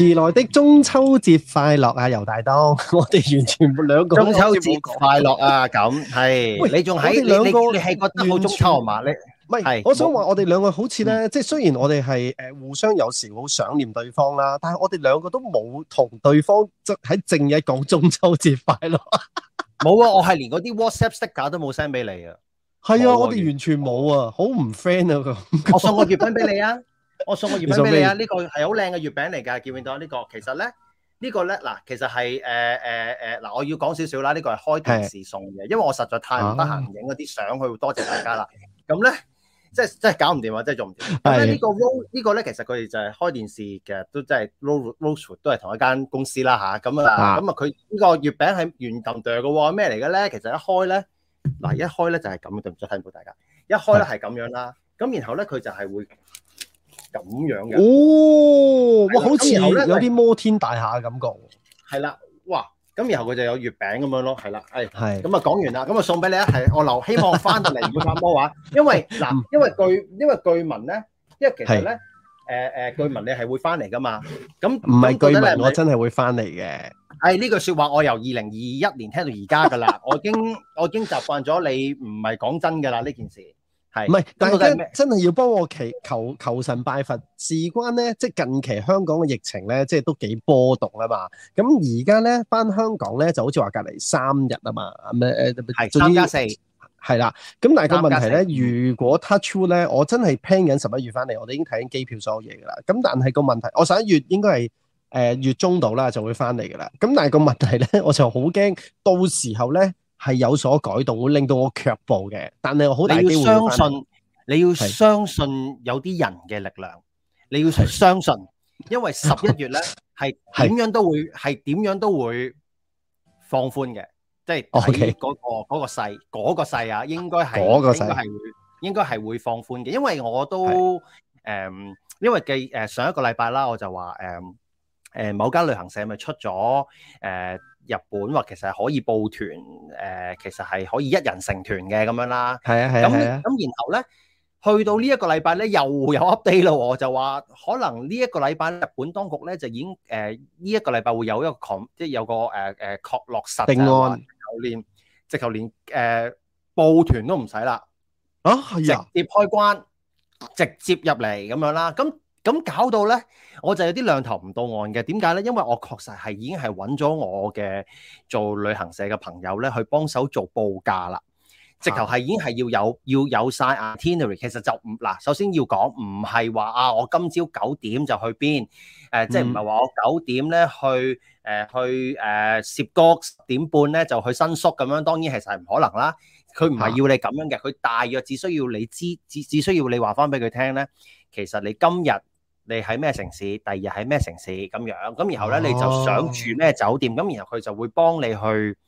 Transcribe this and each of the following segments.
遲來的中秋節快樂啊，游大東！我哋完全冇兩個中秋節快樂啊，咁係。喂，你仲喺？你你係覺得好中秋嘛？你唔係。我想話我哋兩個好似咧，即係雖然我哋係誒互相有時好想念對方啦，但係我哋兩個都冇同對方即係喺正日講中秋節快樂。冇啊！我係連嗰啲 WhatsAppsticker 都冇 send 俾你啊！係啊！我哋完全冇啊！好唔 friend 啊！我送個月餅俾你啊！我送個月餅俾你啊！呢個係好靚嘅月餅嚟噶，見唔見到？呢個其實咧，呢個咧嗱，其實係誒誒誒嗱，我要講少少啦。呢個係開電視送嘅，因為我實在太唔得閒影嗰啲相去多謝大家啦。咁咧，即係即係搞唔掂啊，即係做唔掂。咁咧呢個 low 呢個咧，其實佢哋就係開電視嘅，都真係 Rosewood，Rosewood 都係同一間公司啦吓。咁啊咁啊，佢呢個月餅係圓墩墩噶喎，咩嚟嘅咧？其實一開咧嗱，一開咧就係咁樣，對唔住睇唔到大家。一開咧係咁樣啦，咁然後咧佢就係會。咁樣嘅哦，哇，好似有啲摩天大廈嘅感覺。係啦，哇，咁然後佢就有月餅咁樣咯，係啦，誒的，係，咁啊講完啦，咁啊送俾你啊，係，我留，希望翻嚟唔會咁多話，因為嗱， 因為據，因為據聞咧，因為其實咧，誒誒據聞你係會翻嚟噶嘛？咁唔係據聞，我真係會翻嚟嘅。誒呢、哎、句説話我由二零二一年聽到而家噶啦，我已經我已經習慣咗你唔係講真噶啦呢件事。係，唔係，但係真真係要幫我祈求求神拜佛，事關咧，即係近期香港嘅疫情咧，即係都幾波動啊嘛。咁而家咧翻香港咧，就好似話隔離三日啊嘛，咁咧係三加四，係啦、呃。咁但係個問題咧，如果 touch wood 咧，我真係 plan 緊十一月翻嚟，我哋已經睇緊機票所有嘢噶啦。咁但係個問題，我十一月應該係誒月中度啦，就會翻嚟噶啦。咁但係個問題咧，我就好驚到時候咧。係有所改動，會令到我卻步嘅。但係我好大機會翻翻。你要相信，你要相信有啲人嘅力量。你要相信，因為十一月咧係點樣都會係點樣都會放寬嘅，即係嗰個嗰個勢嗰個勢啊，應該係嗰個勢係應該係會放寬嘅。因為我都誒，因為嘅誒上一個禮拜啦，我就話誒誒某間旅行社咪出咗誒。日本話其實可以報團，誒、呃、其實係可以一人成團嘅咁樣啦。係啊，係啊。咁咁然後咧，去到呢一個禮拜咧，又有 update 咯，我就話可能呢一個禮拜日本當局咧就已經誒呢一個禮拜會有一個即係有個誒誒、呃呃、確落實定案，就直頭連直頭連誒報、呃、團都唔使啦。啊，係啊，直接開關，直接入嚟咁樣啦。咁。咁搞到咧，我就有啲兩頭唔到岸嘅。點解咧？因為我確實係已經係揾咗我嘅做旅行社嘅朋友咧，去幫手做報價啦。直頭係已經係要有要有曬 itinerary。其實就唔嗱，首先要講唔係話啊，我今朝九點就去邊？誒，即係唔係話我九點咧去誒去誒攝個十點半咧就去新宿咁樣？當然其實係唔可能啦。佢唔係要你咁樣嘅，佢大約只需要你知，只只需要你話翻俾佢聽咧。其實你今日，你喺咩城市？第二日喺咩城市咁樣？咁然後咧你就想住咩酒店？咁、oh. 然後佢就會幫你去，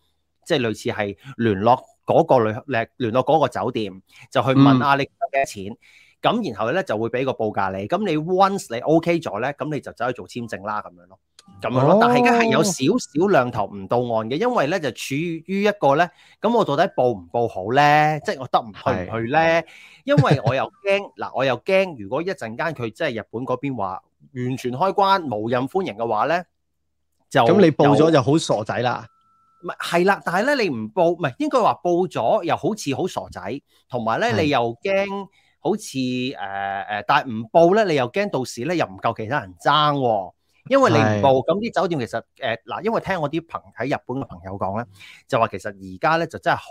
即係類似係聯絡嗰個旅誒聯絡嗰個酒店，就去問下你幾多錢？咁、mm. 然後咧就會俾個報價你。咁你 once 你 OK 咗咧，咁你就走去做簽證啦咁樣咯。咁樣咯，但係而家係有少少兩頭唔到岸嘅，因為咧就處於一個咧，咁我到底報唔報好咧？即係我得唔去唔去咧？是的 因為我又驚嗱， 我又驚如果一陣間佢即係日本嗰邊話完全開關，無任歡迎嘅話咧，就咁你報咗就好傻仔啦。唔係係啦，但係咧你唔報，唔係應該話報咗，又好似好傻仔，同埋咧你又驚好似誒誒，但係唔報咧，你又驚到時咧又唔夠其他人爭、啊。因為零度咁啲酒店其實誒嗱、呃，因為聽我啲朋喺日本嘅朋友講咧，就話其實而家咧就真係好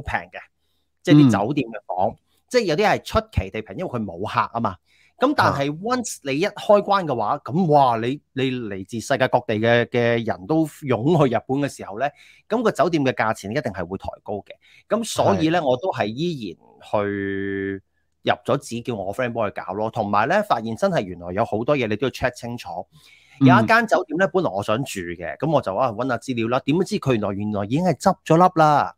平嘅，即係啲酒店嘅房，嗯、即係有啲係出奇地平，因為佢冇客啊嘛。咁但係 once 你一開關嘅話，咁哇你你嚟自世界各地嘅嘅人都湧去日本嘅時候咧，咁、個酒店嘅價錢一定係會抬高嘅。咁所以咧，是的 我都係依然去。入咗紙叫我個 friend 幫佢搞咯，同埋咧發現真係原來有好多嘢你都要 check 清楚。嗯、有一間酒店咧，本來我想住嘅，咁我就啊搵下資料啦。點知佢原來原來已經係執咗粒啦。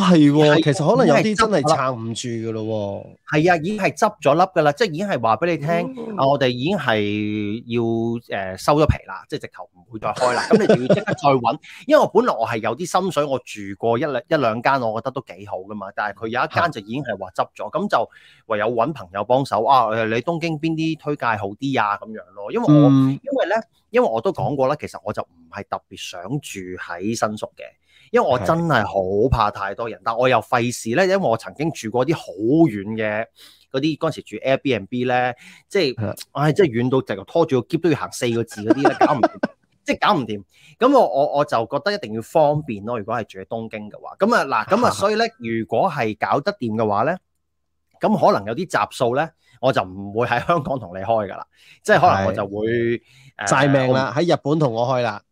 係、啊啊、其實可能有啲真係撐唔住㗎咯。係啊，已經係執咗粒㗎啦，即係已經係話俾你聽，嗯、啊，我哋已經係要誒、呃、收咗皮啦，即係直頭唔會再開啦。咁你就要即刻再揾， 因為我本來我係有啲心水，我住過一兩一兩間，我覺得都幾好噶嘛。但係佢有一間就已經係話執咗，咁、嗯、就唯有揾朋友幫手啊！你東京邊啲推介好啲啊？咁樣咯，因為我因為咧，因為我都講過啦，其實我就唔係特別想住喺新宿嘅。因為我真係好怕太多人，但我又費事咧，因為我曾經住過啲好遠嘅嗰啲，嗰陣時住 Airbnb 咧是的、哎，即係唉，即係遠到直頭拖住個喼都要行四個字嗰啲咧，搞唔掂。 即係搞唔掂。咁我我我就覺得一定要方便咯。如果係住喺東京嘅話，咁啊嗱，咁啊所以咧，如果係搞得掂嘅話咧，咁可能有啲集數咧，我就唔會喺香港同你開噶啦，即係可能我就會曬的、呃、命啦，喺我日本同我開啦。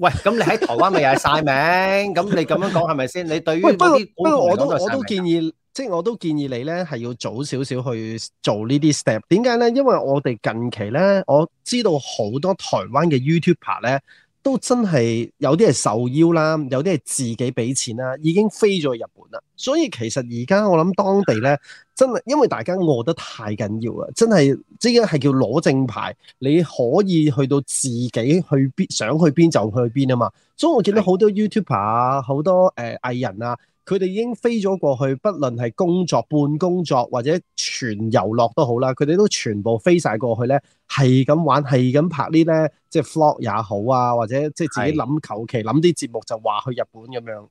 喂，咁你喺台灣咪又係曬名？咁 你咁樣講係咪先？是不是 你對於嗰啲，我都我都建議，即係我都建議你咧，係要早少少去做呢啲 step。點解咧？因為我哋近期咧，我知道好多台灣嘅 YouTuber 咧。都真係有啲係受邀啦，有啲係自己俾錢啦，已經飛咗去日本啦。所以其實而家我諗當地咧，真係因為大家餓得太緊要啦，真係即係叫攞證牌，你可以去到自己去邊，想去邊就去邊啊嘛。所以我見到好多 YouTuber 啊，好多誒藝、呃、人啊。佢哋已經飛咗過去，不論係工作、半工作或者全遊樂都好啦，佢哋都全部飛晒過去呢，係咁玩，係咁拍啲呢，即係 vlog 也好啊，或者即係自己諗求其諗啲節目就話去日本咁樣。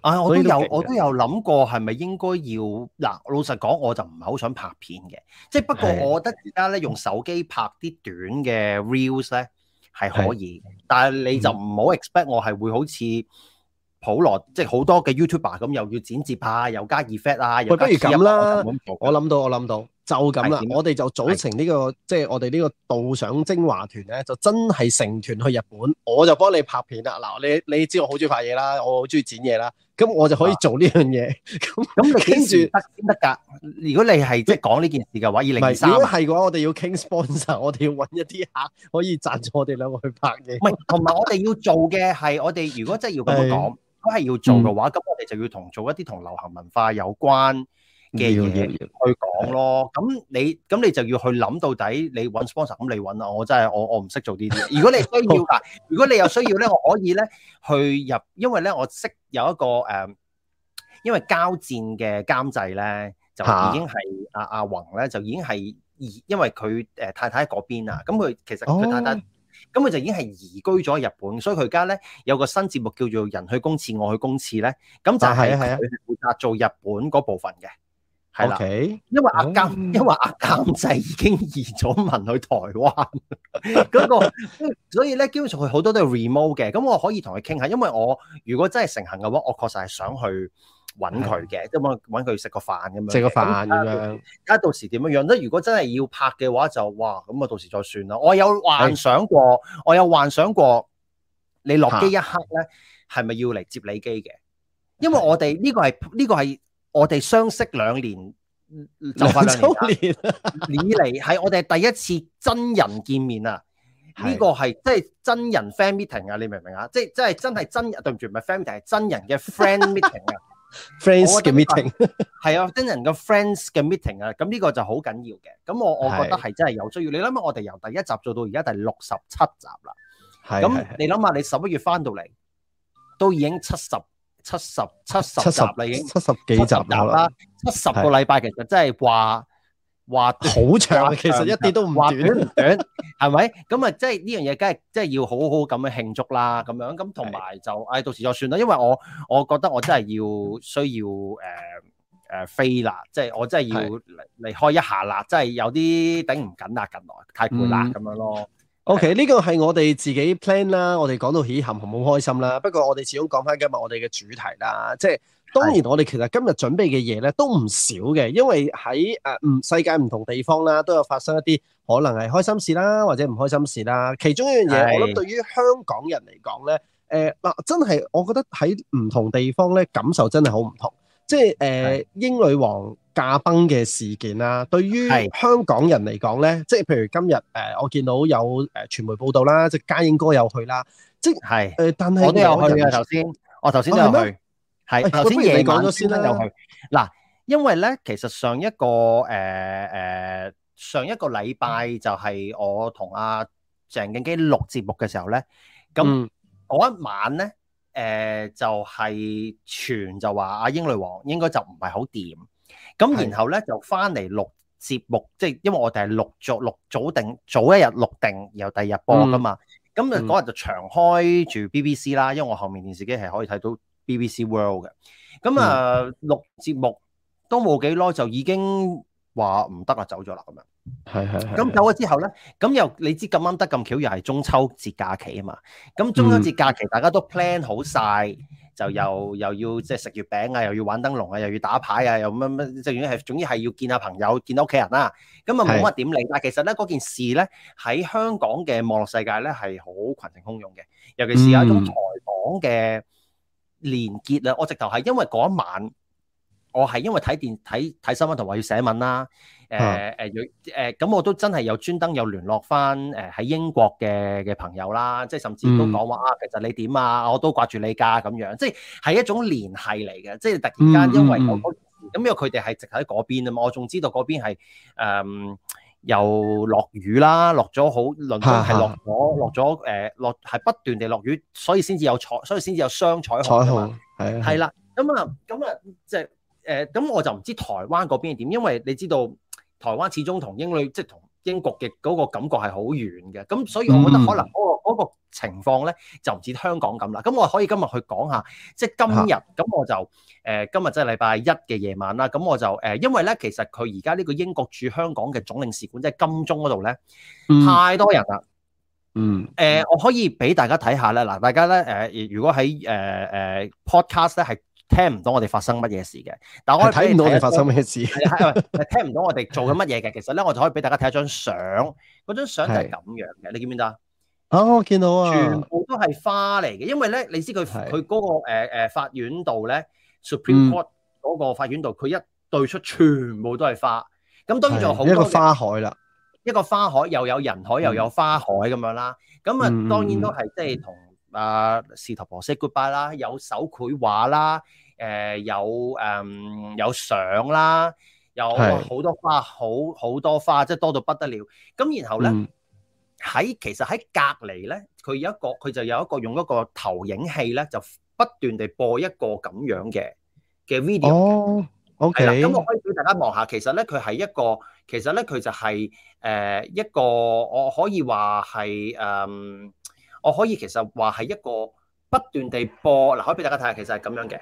啊，我都有都我都有諗過，係咪應該要嗱？老實講，我就唔係好想拍片嘅。即係不過，我覺得而家咧用手機拍啲短嘅 reels 呢係可以，的但係你就唔好 expect 我係會好似。普羅即係好多嘅 YouTuber 咁，又要剪接啊，又加 effect 啊，又加字幕啦。我諗到，我諗到、到，就咁啦。的我哋就組成呢、呢個，的即係我哋呢個導賞精華團咧，就真係成團去日本，我就幫你拍片啦。嗱，你你知我好中意拍嘢啦，我好中意剪嘢啦，咁我就可以做呢樣嘢。咁咁的， 你跟住得先得噶。如果你係即係講呢件事嘅話，二零二三。如果係嘅話，我哋要傾 sponsor，我哋要搵一啲客可以贊助我哋兩個去拍嘢。係，同埋我哋要做嘅係， 我哋如果真係要咁去講。都係要做嘅話，咁我哋就要同做一啲同流行文化有關嘅嘢去講咯。咁你咁你就要去諗到底你揾 sponsor，咁你揾啊！我真係我我唔識做呢啲嘢。如果你需要嗱， 如果你有需要咧，我可以咧去入，因為咧我識有一個誒，因為交戰嘅監製咧就已經係阿、啊、阿宏咧就已經係，因為佢誒太太喺嗰邊啊，咁佢其實佢太太。咁佢、嗯、就已經係移居咗日本，所以佢而家咧有個新節目叫做《人去公廁我去公廁》咧，咁就係佢負責做日本嗰部分嘅，係啦，因為阿監因為阿監製已經移咗民去台灣嗰、 那個、所以咧基本上佢好多都係 remote 嘅，咁我可以同佢傾下，因為我如果真係成行嘅話，我確實係想去。搵佢嘅，咁啊搵佢食個飯咁樣，食個飯咁樣。而家到時點樣樣咧？如果真係要拍嘅話就，就哇咁啊到時再算啦。我有幻想過，的我有幻想過你落機一刻咧，係咪要嚟接你機嘅？的因為我哋呢個係呢個係我哋相識兩年，就翻兩年，以嚟係我哋第一次真人見面啊！呢的個係即係真人 friend meeting 啊！你明唔明啊？即係即係真係真人，對唔住唔係 friend meeting，係真人嘅 friend meeting 啊！Friends 嘅 meeting 係啊，真人嘅 friends 嘅 meeting 啊，咁呢個就好緊要嘅。咁我我覺得係真係有需要。你諗下，我哋由第一集做到而家第六十七集啦。係咁，你諗下，你十一月翻到嚟，都已經七十七十七十七十啦，已經七十幾集啦。七十個禮拜，其實真係話。話好長，其實一啲都唔短，係咪？ 咁啊，即係呢樣嘢，梗係即係要好好咁樣慶祝啦。咁樣咁同埋就，唉，是的 到時再算啦。因為我我覺得我真係要需要誒誒、呃呃、飛啦，即、就、係、是、我真係要離開一下啦。即係是的 有啲頂唔緊啦，近來太攰啦，咁、嗯、樣咯。OK，呢個係我哋自己 plan 啦。我哋講到喜含含好開心啦。不過我哋始終講翻今日我哋嘅主題啦，即係。當然，我哋其實今日準備嘅嘢咧都唔少嘅，因為喺誒唔世界唔同地方啦，都有發生一啲可能係開心事啦，或者唔開心事啦。其中一樣嘢，是的 我諗對於香港人嚟講咧，誒、呃、嗱，真係我覺得喺唔同地方咧感受真係好唔同。即係誒、呃、是的 英女王駕崩嘅事件啦，對於香港人嚟講咧，即係是的 譬如今日誒、呃，我見到有誒傳媒報道啦，即係家英哥有去啦，即係誒是的、呃，但係我哋有去，有去啊，頭先我頭先有去。係頭是、哎、先嘢講咗先啦，又係嗱，因為咧，其實上一個誒誒、呃呃、上一個禮拜就係我同阿鄭敬基錄節目嘅時候咧，咁嗰一晚咧，誒、呃、就係、是、傳就話阿英女王應該就唔係好掂，咁然後咧就翻嚟錄節目，即係是的 因為我哋係錄早錄早定早一日錄定，然後第二日播噶嘛，咁啊嗰日就長開住 BBC 啦，因為我後面電視機係可以睇到。BBC World 嘅，咁啊錄節目都冇幾耐就已經話唔得啦，走咗啦咁樣。係係。咁走咗之後咧，咁又你知咁啱得咁巧，又係中秋節假期啊嘛。咁中秋節假期大家都 plan 好晒，就又又要即係食月餅啊，又要玩燈籠啊，又要打牌啊，又乜乜，即係總之係要見下朋友、見到屋企人啦。咁啊冇乜點理，但係其實咧嗰件事咧喺香港嘅網絡世界咧係好群情洶湧嘅，尤其是係一種財訪嘅。連結啦！我直頭係因為嗰一晚，我係因為睇電睇睇新聞同埋要寫文啦。誒誒誒，咁我都真係有專登有聯絡返誒喺英國嘅嘅朋友啦。即、呃、係甚至都講話啊，其實你點啊？我都掛住你㗎咁樣。即係係一種聯繫嚟嘅。即係突然間因為我咁 因為佢哋係直喺嗰邊啊嘛。我仲知道嗰邊係誒又落雨啦，落咗好，倫敦係落咗，落咗誒，落係不斷地落雨，所以先至有彩，所以先至有雙彩虹啊嘛，係啦，咁啊，咁啊，即係誒，咁、呃、我就唔知台灣嗰邊係點，因為你知道台灣始終同英女王，即係同英國嘅嗰個感覺係好遠嘅，咁所以我覺得可能嗰、嗰個、嗯情況咧就唔似香港咁啦，咁我可以今日去講下，即係今日咁、啊、我就誒、呃、今日即係禮拜一嘅夜晚啦，咁、嗯、我就誒、呃、因為咧其實佢而家呢個英國駐香港嘅總領事館即係、就是、金鐘嗰度咧，太多人啦、嗯，嗯誒、呃、我可以俾大家睇下咧嗱，大家咧誒、呃、如果喺誒誒、呃呃、podcast 咧係聽唔到我哋發生乜嘢事嘅，但係我睇唔到我哋發生乜事係聽唔到我哋做緊乜嘢嘅，其實咧我就可以俾大家睇一張相，嗰張相就係咁樣嘅，你見唔見到啊？啊！我見、哦、到啊，全部都係花嚟嘅。因為咧，你知佢佢嗰個誒誒法院度咧，Supreme Court 嗰個法院度，佢一對出全部都係花，咁當然就好多一個花海啦，一個花海又有人海，嗯、又有花海咁樣啦，咁啊，當然都係即係同阿事頭婆 say goodbye 啦、呃，有手繪畫啦，誒有誒有相啦，有好多花，是好好多花，即係多到不得了，咁然後咧。嗯喺其實喺隔離咧，佢有一個，佢就有一個用一個投影器咧，就不斷地播一個咁樣嘅嘅 video。哦，OK。咁我可以俾大家望下，其實咧佢係一個，其實咧佢就係誒一個，我可以話係誒，我可以其實話係一個不斷地播。嗱，可以俾大家睇下，其實係咁樣嘅。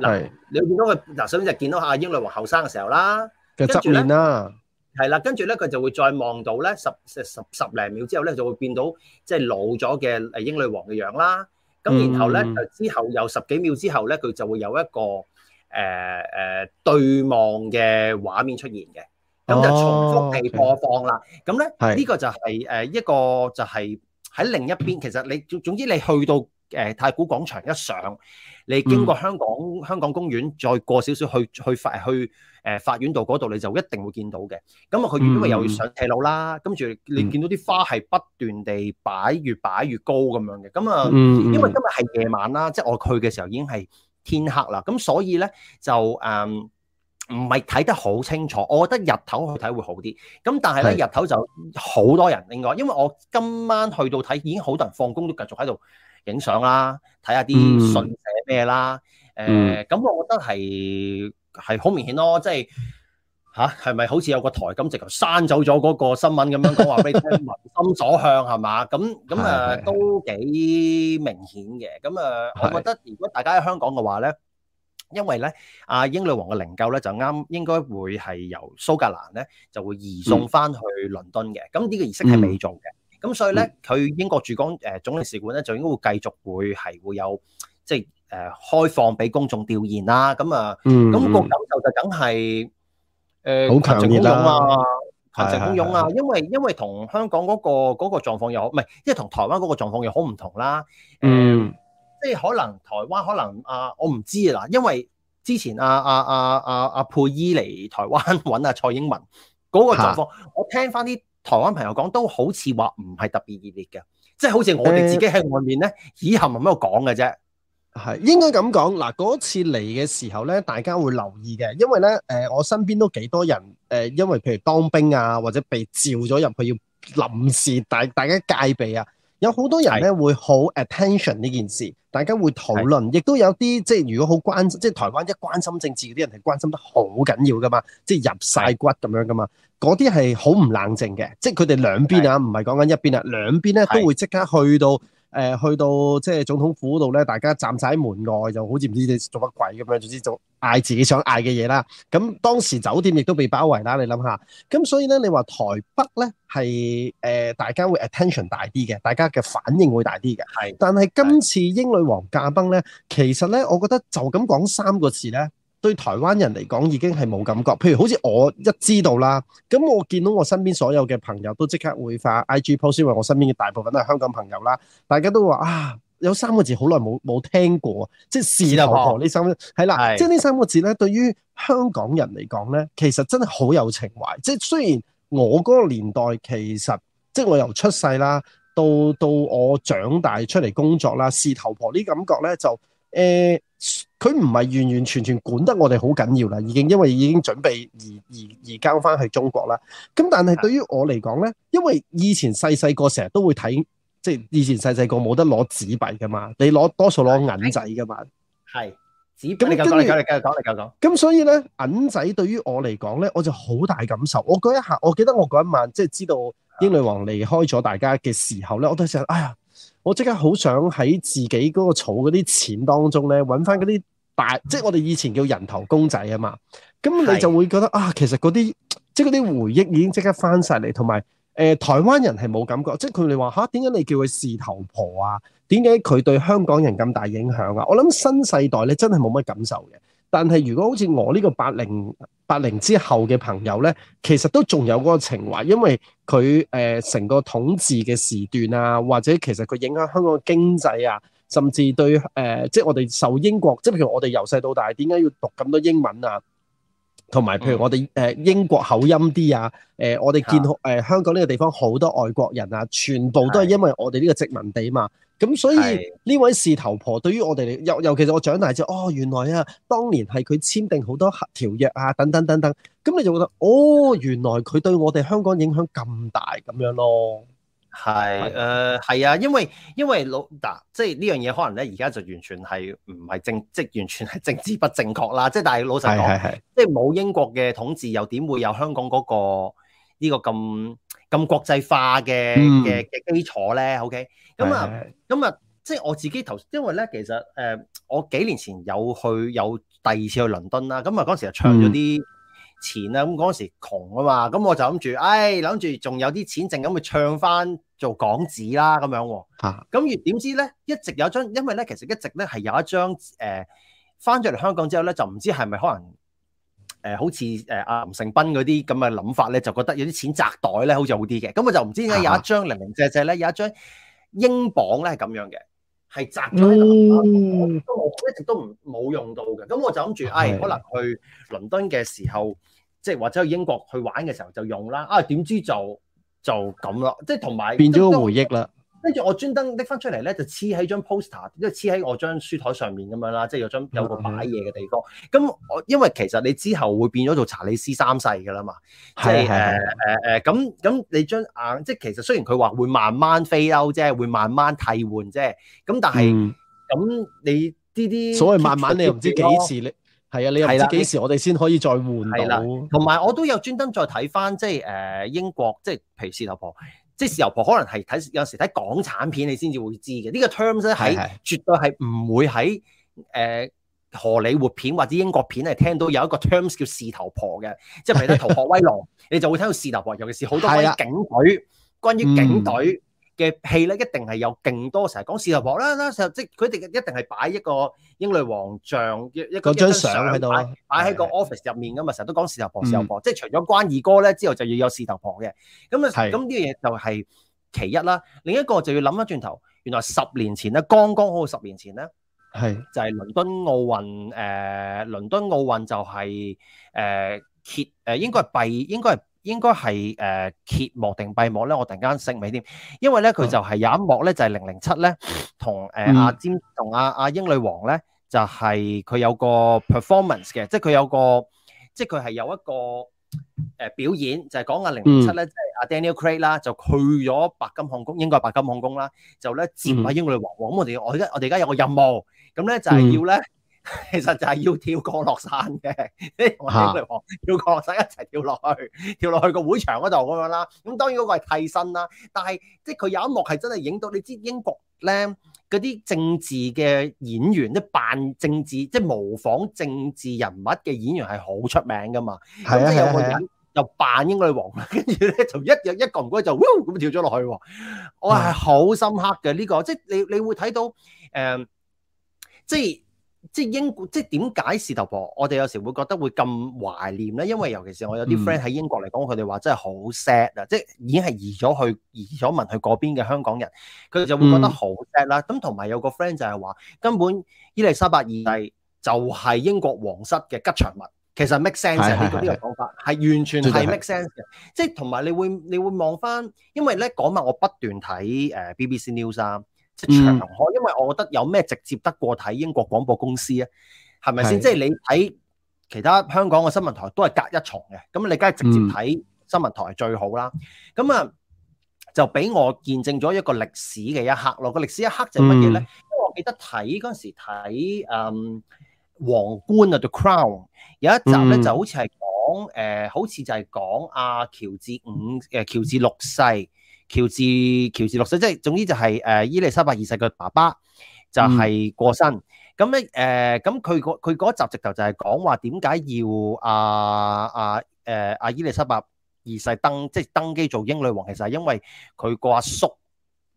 嗱，你見到佢嗱，首先就見到阿英女王後生嘅時候啦，跟住咧，嘅側面啦。係啦，跟住咧佢就會再望到咧十十十零秒之後咧就會變到即係老咗嘅誒英女王嘅樣啦。咁、嗯嗯嗯、然後咧之後又十幾秒之後咧佢就會有一個誒誒、呃呃、對望嘅畫面出現嘅，咁就重複地播放啦。咁咧、哦 okay、呢是個就係、是、誒、呃、一個就係喺另一邊，其實你總之你去到誒、呃、太古廣場一上。你經過香港香港公園，再過少少去去法去誒法院度嗰度，你就一定會見到嘅。咁、嗯、啊，佢、嗯、因為又要上斜路啦，跟住、嗯、你見到啲花係不斷地擺，越擺越高咁樣嘅。咁、嗯、啊，嗯、因為今日係夜晚啦，即係、嗯、我去嘅時候已經係天黑啦，咁所以咧就誒唔係睇得好清楚。我覺得日頭去睇會好啲。咁但係咧是日頭就好多人應該，另外因為我今晚去到睇已經好多人放工都繼續喺度。影相啦，睇下啲信寫咩啦，誒咁、嗯呃、我覺得係係好明顯咯，即係嚇係咪好似有個台咁直頭刪走咗嗰個新聞咁樣講話俾你聽民心所向係嘛？咁咁誒都幾明顯嘅，咁誒、呃、的我覺得如果大家喺香港嘅話咧，因為咧阿、啊、英女王嘅靈柩咧就啱應該會係由蘇格蘭咧就會移送翻去倫敦嘅，咁呢、嗯、個儀式係未做嘅。嗯。咁、嗯、所以咧，佢英國駐港誒總領事館咧，就應該會繼續會係會有即係誒開放俾公眾弔唁啦。咁啊，咁個感受就梗係誒好強烈啦、啊，群情洶湧啊因，因為因為同香港嗰個嗰個狀況又好，唔係，因為同台灣嗰個狀況又好唔同啦。嗯，呃、即係可能台灣可能啊，我唔知啊嗱，因為之前阿阿阿阿阿佩依嚟台灣揾阿蔡英文嗰個狀況，啊、我聽翻啲。台灣朋友講都好似話唔係特別熱烈嘅，即係好似我哋自己喺外面咧，以後冇乜講嘅啫。係應該咁講嗱，嗰次嚟嘅時候咧，大家會留意嘅，因為咧誒、呃，我身邊都幾多人誒、呃，因為譬如當兵啊，或者被召咗入去要臨時大大家戒備啊。有好多人咧會好 attention 呢件事，大家會討論，亦都是的 有啲，即係如果好關心，即係台灣一關心政治，啲人係關心得好緊要噶嘛，即係入晒骨咁樣噶嘛，嗰啲係好唔冷靜嘅，即係佢哋兩邊啊，唔係講緊一邊啊，是的 兩邊咧都會即刻去到。誒、呃、去到即係總統府度咧，大家站晒喺門外，就好似唔知你做乜鬼咁樣，總之做嗌自己想嗌嘅嘢啦。咁當時酒店亦都被包圍啦，你諗下。咁所以咧，你話台北咧係誒大家會 attention 大啲嘅，大家嘅反應會大啲嘅。係的，但係今次英女王駕崩咧，其實咧，我覺得就咁講三個字咧。對台灣人嚟講已經係冇感覺，譬如好似我一知道啦，咁我見到我身邊所有嘅朋友都即刻會發 IG post，因為我身邊嘅大部分都係香港朋友啦，大家都話啊，有三個字好耐冇冇聽過，即係事頭婆呢三個字，係啦，即係呢三個字呢，字對於香港人嚟講呢，其實真係好有情懷。即係雖然我嗰個年代其實，即係我由出世啦，到到我長大出嚟工作啦，事頭婆呢感覺呢就。誒，佢唔係完完全全管得我哋好緊要啦，已經因為已經準備移移移交翻去中國啦。咁但係對於我嚟講咧，因為以前細細個成日都會睇，即係以前細細個冇得攞紙幣噶嘛，你攞多數攞銀仔噶嘛。係紙幣咁你講嚟講嚟講嚟講嚟講講。咁所以咧銀仔對於我嚟講咧，我就好大感受。我嗰一下，我記得我嗰一晚即係知道英女王離開咗大家嘅時候咧，的我都想哎呀。我即刻好想喺自己嗰個儲嗰啲錢當中咧，揾翻嗰啲大，即係我哋以前叫人頭公仔啊嘛。咁你就會覺得是啊，其實嗰啲即係嗰啲回憶已經即刻翻晒嚟，同埋誒台灣人係冇感覺，即係佢哋話吓，點解你叫佢事頭婆啊？點解佢對香港人咁大影響啊？我諗新世代咧真係冇乜感受嘅。但係如果好似我呢個八零八零之後嘅朋友呢，其實都仲有嗰個情懷，因為佢誒成個統治嘅時段啊，或者其實佢影響香港經濟啊，甚至對誒、呃、即係我哋受英國，即係譬如我哋由細到大點解要讀咁多英文啊？同埋，譬如我哋誒英國口音啲啊，誒、嗯呃、我哋見誒、呃、香港呢個地方好多外國人啊，全部都係因為我哋呢個殖民地嘛，咁的所以呢位事頭婆對於我哋嚟，尤尤其係我長大之後，哦原來啊，當年係佢簽訂好多條約啊，等等等等，咁你就覺得，哦的原來佢對我哋香港影響咁大咁樣咯。係，誒，係、呃、啊，因為因為老嗱、啊，即係呢樣嘢可能咧，而家就完全係唔係正，即係完全係政治不正確啦。即係但係老實講，是是是即係冇英國嘅統治，又點會有香港嗰個,這個這、嗯、呢個咁咁國際化嘅嘅基礎咧？OK，咁、嗯、啊，咁啊是、嗯嗯，即係我自己頭先，因為咧其實誒、呃，我幾年前有去有第二次去倫敦啦，咁啊嗰時就唱咗啲。嗯錢啊，咁嗰陣時窮啊嘛，咁我就諗住，唉，諗住仲有啲錢，淨咁去唱翻做港紙啦，咁樣喎。嚇！咁而點知咧，一直有張，因為咧其實一直咧係有一張，誒，翻咗嚟香港之後咧，就唔知係咪可能，誒，好似誒阿林成斌嗰啲咁嘅諗法咧，就覺得有啲錢擲袋咧好似好啲嘅，咁我就唔知點解有一張零零隻隻咧，有一張英鎊咧係咁樣嘅，係擲咗喺度，我一直都唔冇用到嘅，咁我就諗住，唉，可能去倫敦嘅時候。即係或者去英國去玩嘅時候就用啦，啊點知就就咁咯，即係同埋變咗個回憶啦。跟住我專登拎翻出嚟咧，就黐喺張 poster，即係黐喺我張書台上面咁樣啦，即係有張有個擺嘢嘅地方。咁、嗯、我因為其實你之後會變咗做查理斯三世噶啦嘛，嗯、即係誒誒誒，咁咁的、呃、你將眼、啊，即係其實雖然佢話會慢慢 fade out 啫，會慢慢替換啫，咁但係咁、嗯、你呢啲、嗯、所謂慢慢，你又唔知幾次。你。係啊，你又唔知幾時我哋先可以再換到。同埋的、嗯、我都有專登再睇翻，即係誒、呃、英國，即係譬如事頭婆，即係事頭婆，可能係睇有時睇港產片，你先至會知嘅。呢、這個 terms 咧，喺的絕對係唔會喺誒、呃、荷里活片或者英國片係聽到有一個 terms 叫事頭婆嘅。即係譬如睇《逃學威龍》， 你就會聽到事頭婆，尤其是好多關於警隊，關於警隊、嗯。嘅戲咧，一定係有勁多成日講《事頭婆》啦啦，即係佢哋一定係擺一個英女王像一嗰張相喺度，擺喺個 office 入面咁啊！成日都講《事頭婆》，事、嗯、頭婆即係除咗關二哥咧之後，就要有事頭婆嘅。咁啊，咁呢樣嘢就係其一啦。另一個就要諗返轉頭，原來十年前咧，剛剛好十年前咧，係是的 就係倫敦奧運。誒、呃，倫敦奧運就係誒揭誒，應該係幣，應該係。應該係誒、呃、揭幕定閉幕咧？我突然間醒唔起添，因為咧佢就係有一幕咧，就係零零七咧同誒阿尖同阿阿英女王咧，就係佢有個 performance 嘅，即係佢有個即係佢係有一個誒、呃、表演就係、是、講阿零零七咧，即係阿 Daniel Craig 啦，就去咗白金漢宮，應該係白金漢宮啦，就咧接阿英女王。咁、嗯、我哋我而家我哋而家有個任務，咁咧就係、是、要咧。嗯其實就係要跳降落傘嘅，即係英女王跳降落傘一齊跳落去，跳落去個會場嗰度咁樣啦。咁當然嗰個係替身啦，但係即係佢有一幕係真係影到你知英國咧嗰啲政治嘅演員咧，扮政治即係模仿政治人物嘅演員係好出名噶嘛。係啊係啊，有個人就扮英女王，跟住咧就一日一個唔該就咁、呃、跳咗落去。我係好深刻嘅呢、這個，即係你你，你會睇到誒、呃，即係。即係英國，即係點解事頭婆，我哋有時會覺得會咁懷念咧？因為尤其是我有啲 friend 喺英國嚟講，佢哋話真係好 sad 啊！即係已經係移咗去移咗民去嗰邊嘅香港人，佢哋就會覺得好 sad 啦。咁同埋有個 friend 就係話，根本伊麗莎白二世就係英國皇室嘅吉祥物，其實 make sense 嘅，呢個講法係完全係 make sense 嘅。即係同埋你會你會望翻，因為咧講埋我不斷睇誒 BBC News 啊。長可，嗯、因為我覺得有咩直接得過睇英國廣播公司啊？係咪先？是即係你睇其他香港嘅新聞台都係隔一重嘅，咁你梗係直接睇新聞台最好啦。咁啊、嗯，就俾我見證咗一個歷史嘅一刻咯。個歷史一刻就係乜嘢咧？嗯、因為我記得睇嗰陣時睇《嗯王冠》啊，《The Crown》，有一集咧就好似係講誒，好似就係講阿喬治五誒、呃、喬治六世。喬治喬治六世，即係總之就係，是、誒、呃、伊莉莎白二世嘅爸爸就係過身咁咧，誒，咁佢個佢嗰一集直頭就係講話，點解要阿阿誒阿伊莉莎白二世登，即係登基做英女王，其實係因為佢個阿叔，誒、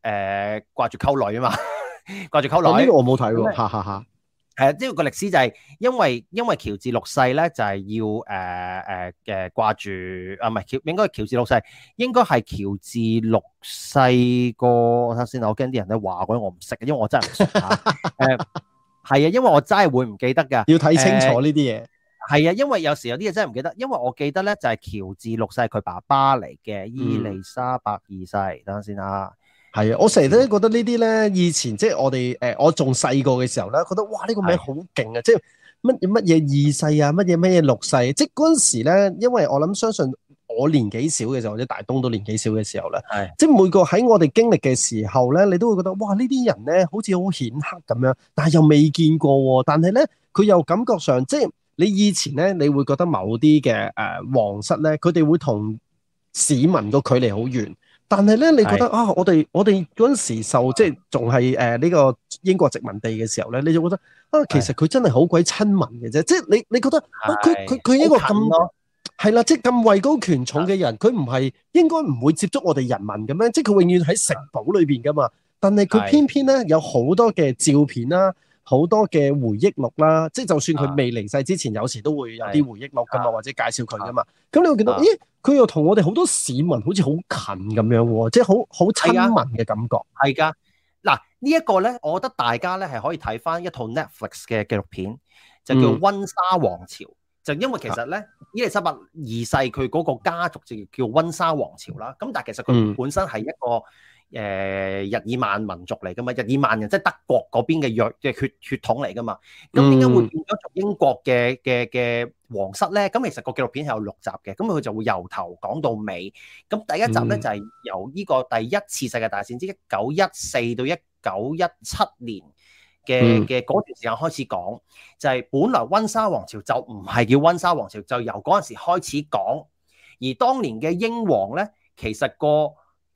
呃、掛住溝女啊嘛，掛住溝女。呢、嗯，這個我冇睇喎，為哈哈哈，哈。誒、呃，即係個歷史就係，因為因為喬治六世咧就係要誒誒嘅掛住啊，唔係喬，應該係喬治六世，應該係喬治六世哥。我睇先，我驚啲人咧話我，我唔識，因為我真係唔識啊。誒，係啊，因為我真係、 呃、會唔記得嘅。要睇清楚呢啲嘢。係啊、呃，因為有時有啲嘢真係唔記得，因為我記得咧就係、是、喬治六世佢爸爸嚟嘅，伊利莎白二世。等陣先啊。等等等等係啊，我成日都覺得呢啲咧，以前即係我哋誒、呃，我仲細個嘅時候咧，覺得哇呢、呢個名好勁啊！是的 即係乜嘢乜嘢二世啊，乜嘢乜嘢六世、啊，即係嗰陣時咧，因為我諗相信我年紀小嘅時候，或者大東都年紀小嘅時候咧，是的 即係每個喺我哋經歷嘅時候咧，你都會覺得哇呢啲人咧，好似好顯赫咁樣，但係又未見過喎、啊。但係咧，佢又感覺上即係你以前咧，你會覺得某啲嘅誒皇室咧，佢哋會同市民個距離好遠。但係咧，你覺得啊，我哋我哋嗰陣時受即係仲係誒呢個英國殖民地嘅時候咧，你就覺得啊，其實佢真係好鬼親民嘅啫。即係你，你覺得啊，佢佢佢呢個咁，係啦的，即係咁位高權重嘅人，佢唔係應該唔會接觸我哋人民嘅咩？即係佢永遠喺城堡裏邊噶嘛。但係佢偏偏咧有好多嘅照片啦，好多嘅回憶錄啦。即係就算佢未離世之前，有時都會有啲回憶錄噶嘛，或者介紹佢噶嘛。咁你會見到咦？佢又同我哋好多市民好似好近咁樣喎，即係好好親民嘅感覺。係噶，嗱呢一個咧，我覺得大家咧係可以睇返一套 Netflix 嘅紀錄片，就叫《溫莎王朝》。就、嗯、因為其實咧，伊麗莎白二世佢嗰個家族就叫《溫莎王朝》啦。咁但係其實佢本身係一個。誒、呃，日耳曼民族嚟噶嘛？日耳曼人即係德國嗰邊嘅弱嘅血血統嚟噶嘛？咁點解會變咗做英國嘅嘅嘅皇室咧？咁其實個紀錄片係有六集嘅，咁佢就會由頭講到尾。咁第一集咧就係、是、由呢個第一次世界大戰，即一九一四到一九一七年嘅嘅嗰段時間開始講，嗯、就係本來溫莎王朝就唔係叫溫莎王朝，就由嗰陣時開始講。而當年嘅英皇咧，其實個。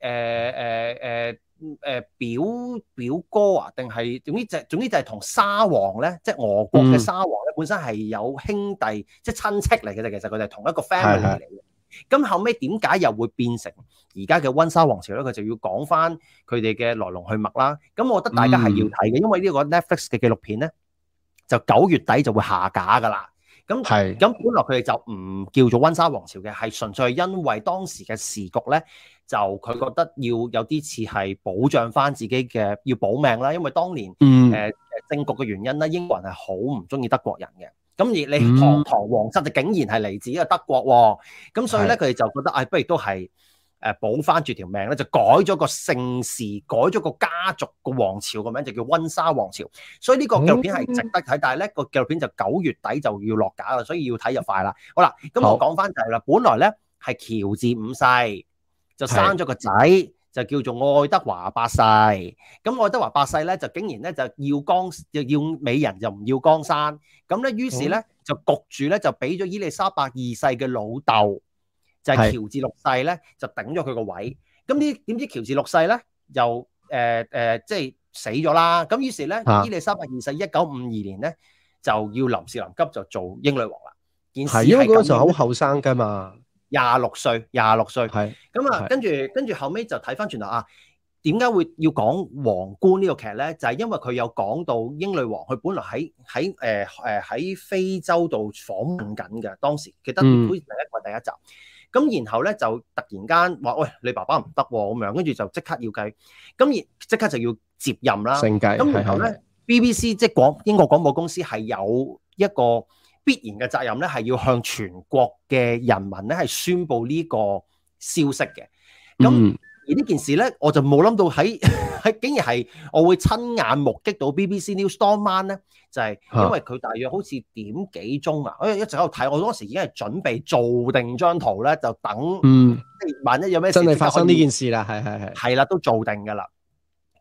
誒誒誒誒表表哥啊，定係總之就總之就係同沙皇咧，即、就、係、是、俄國嘅沙皇咧，本身係有兄弟、嗯、即係親戚嚟嘅啫。其實佢哋係同一個 family 嚟嘅。咁、嗯、後尾點解又會變成而家嘅溫莎王朝咧？佢就要講返佢哋嘅來龍去脈啦。咁我覺得大家係要睇嘅，嗯、因為呢個 Netflix 嘅紀錄片咧，就九月底就會下架㗎啦。咁係咁本來佢哋就唔叫做溫莎王朝嘅，係純粹因為當時嘅時局咧。就佢覺得要有啲似係保障翻自己嘅要保命啦，因為當年誒政局嘅原因咧，英國人係好唔中意德國人嘅。咁而你堂堂皇室就竟然係嚟自一個德國喎，咁所以咧佢哋就覺得啊，不如都係誒保翻住條命咧，就改咗個姓氏，改咗個家族個王朝個名，就叫温莎王朝。所以呢個紀錄片係值得睇，但係咧個紀錄片就九月底就要落架啦，所以要睇就快啦。好啦，咁我講翻就係啦，本來咧係喬治五世。就生咗個仔，就叫做愛德華八世。咁愛德華八世咧，就竟然咧就要江就要美人，就唔要江山。咁咧，於是咧就焗住咧，就俾咗伊利沙伯二世嘅老豆，就係喬治六世咧，就頂咗佢個位。咁呢點知喬治六世咧又誒誒，即係死咗啦。咁於是咧，伊利沙伯二世一九五二年咧就要臨時臨急就做英女王啦。係，因為嗰時候好後生噶嘛。廿六歲，廿六歲，係咁啊！跟住，跟住後尾就睇翻轉頭啊！點解會要講《皇冠》呢個劇咧？就係、是、因為佢有講到英女王，佢本來喺喺誒誒喺非洲度訪問緊嘅當時，記得好似第一季第一集。咁、嗯、然後咧就突然間話：喂、哎，你爸爸唔得喎咁樣，跟住就即刻要計，咁然即刻就要接任啦。咁解然後咧解，BBC 即係廣英國廣播公司係有一個。必然嘅責任咧，係要向全國嘅人民咧，係宣布呢個消息嘅。咁、嗯、而呢件事咧，我就冇諗到喺喺， 竟然係我會親眼目擊到 BBC News 當晚咧，就係、是、因為佢大約好似點幾鐘啊，我、啊哎、一直喺度睇，我當時已經係準備做定張圖咧，就等，即係萬一有咩、嗯、真係發生呢件事啦，係係係，係啦，都做定㗎啦。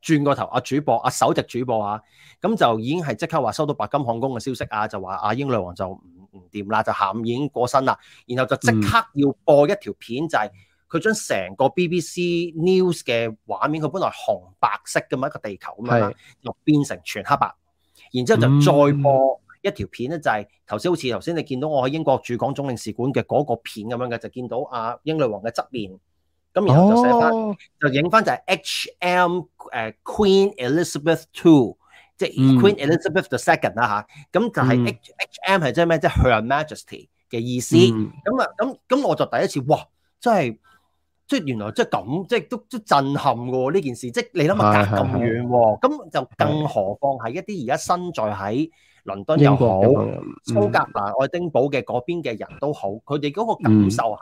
轉個頭，阿主播阿首席主播啊，咁就已經係即刻話收到白金漢宮嘅消息啊，就話阿英女王就唔唔掂啦，就下午已經過身啦，然後就即刻要播一條片，就係佢將成個 BBC News 嘅畫面，佢本來紅白色噶嘛，一個地球咁樣，是變成全黑白，然之後就再播一條片咧，就係頭先好似頭先你見到我喺英國駐港總領事館嘅嗰個片咁樣嘅，就見到阿英女王嘅側面。咁然後就寫翻，就影翻就係 H.M. 誒 Queen Elizabeth II，即係 Queen Elizabeth the Second 啦吓。咁就係 H.M. 係即係咩？即係 Her Majesty 嘅意思。咁啊，咁咁我就第一次，哇！真係，即係原來即係咁，即係都都震撼喎呢件事。即係你諗下，隔咁遠喎，咁就更何況係一啲而家身在喺倫敦又好、蘇格蘭愛丁堡嘅嗰邊嘅人都好，佢哋嗰個感受係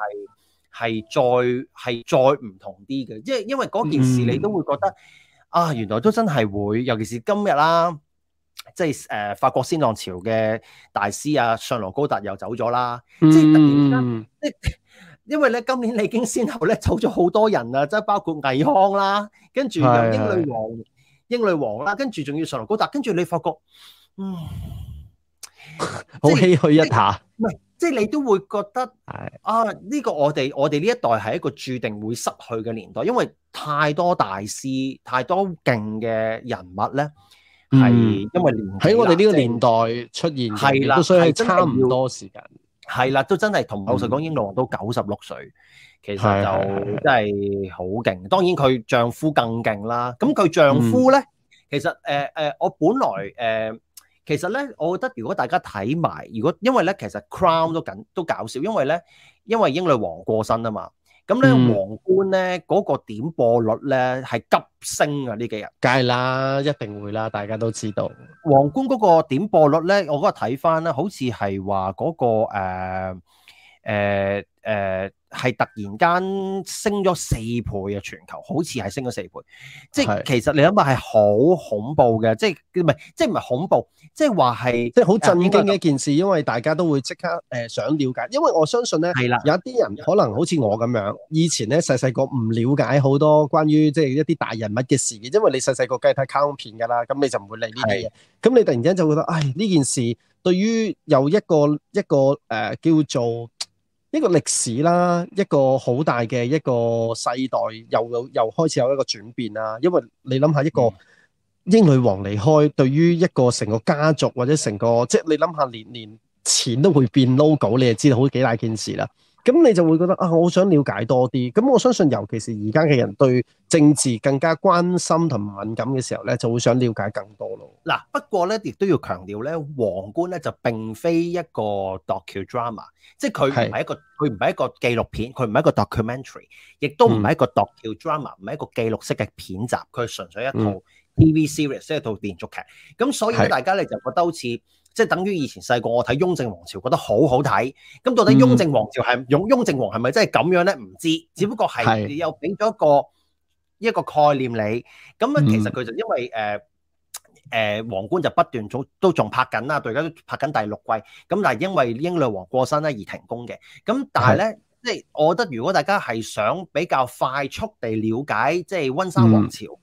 係再係再唔同啲嘅，即係因為嗰件事你都會覺得、mm. 啊，原來都真係會，尤其是今日啦，即係誒法國新浪潮嘅大師啊，尚盧高達又走咗啦，mm. 即係突然間，即因為咧今年你已經先後咧走咗好多人啦，即係包括倪匡啦，跟住又英女王、的英女王啦，跟住仲要尚盧高達，跟住你發覺，嗯，好唏噓一下。就是 即係你都會覺得啊，呢、這個我哋我哋呢一代係一個注定會失去嘅年代，因為太多大師、太多勁嘅人物咧，係因為年喺、嗯、我哋呢個年代出現，係啦、就是，係差唔多時間，係啦，都真係同老實講，英女王都九十六歲，嗯、其實就真係好勁。當然佢丈夫更勁啦，咁佢丈夫咧，嗯、其實誒誒、呃呃，我本來誒。呃其實咧，我覺得如果大家睇埋，如果因為咧，其實 Crown 都緊都搞笑，因為咧，因為英女王過身啊嘛，咁咧皇冠咧嗰個點播率咧係急升啊！呢幾日，梗係啦，一定會啦，大家都知道皇冠嗰個點播率咧，我嗰日睇翻咧，好似係話嗰個誒誒誒，係突然間升咗四倍啊！全球好似係升咗四倍，即係是的 其實你諗下係好恐怖嘅，即係唔係即係唔係恐怖，即係話係即係好震驚嘅一件事，因為大家都會即刻誒想了解，因為我相信咧，係啦的，有一啲人可能好似我咁樣，以前咧細細個唔了解好多關於即係一啲大人物嘅事，因為你細細個梗係睇卡通片噶啦，咁你就唔會理呢啲嘢，咁是的 你突然間就會覺得，唉呢件事對於有一個一個誒、呃、叫做。一個歷史啦，一個好大嘅一個世代又有又開始有一個轉變啦，因為你諗下一個英女王離開，對於一個成個家族或者成個即係你諗下年年錢都會變 logo，你就知道好幾大件事啦。咁你就會覺得啊，我想了解多啲。咁我相信，尤其是而家嘅人對政治更加關心同敏感嘅時候咧，就會想了解更多咯。嗱、啊，不過咧，亦都要強調咧，王冠咧就並非一個 documentary，即係佢唔係一個佢唔係一個紀錄片，佢唔係一個 documentary，亦、嗯、都唔係一個 documentary，唔係、嗯、一個記錄式嘅片集，佢係純粹一套 TV series，嗯、一套連續劇。咁所以大家咧就覺得好似。即係等於以前細個我睇《雍正王朝》覺得好好睇，咁到底《雍正王朝》係雍、嗯、雍正王係咪真係咁樣咧？唔知，只不過係又俾咗一個是一個概念你。咁樣其實佢就因為誒誒《皇、呃呃、冠》就不斷組都仲拍緊啦，到而家都在拍緊第六季，咁但係因為英女王過身咧而停工嘅。咁但係咧，即係是我覺得如果大家係想比較快速地了解即係《温莎王朝》嗯。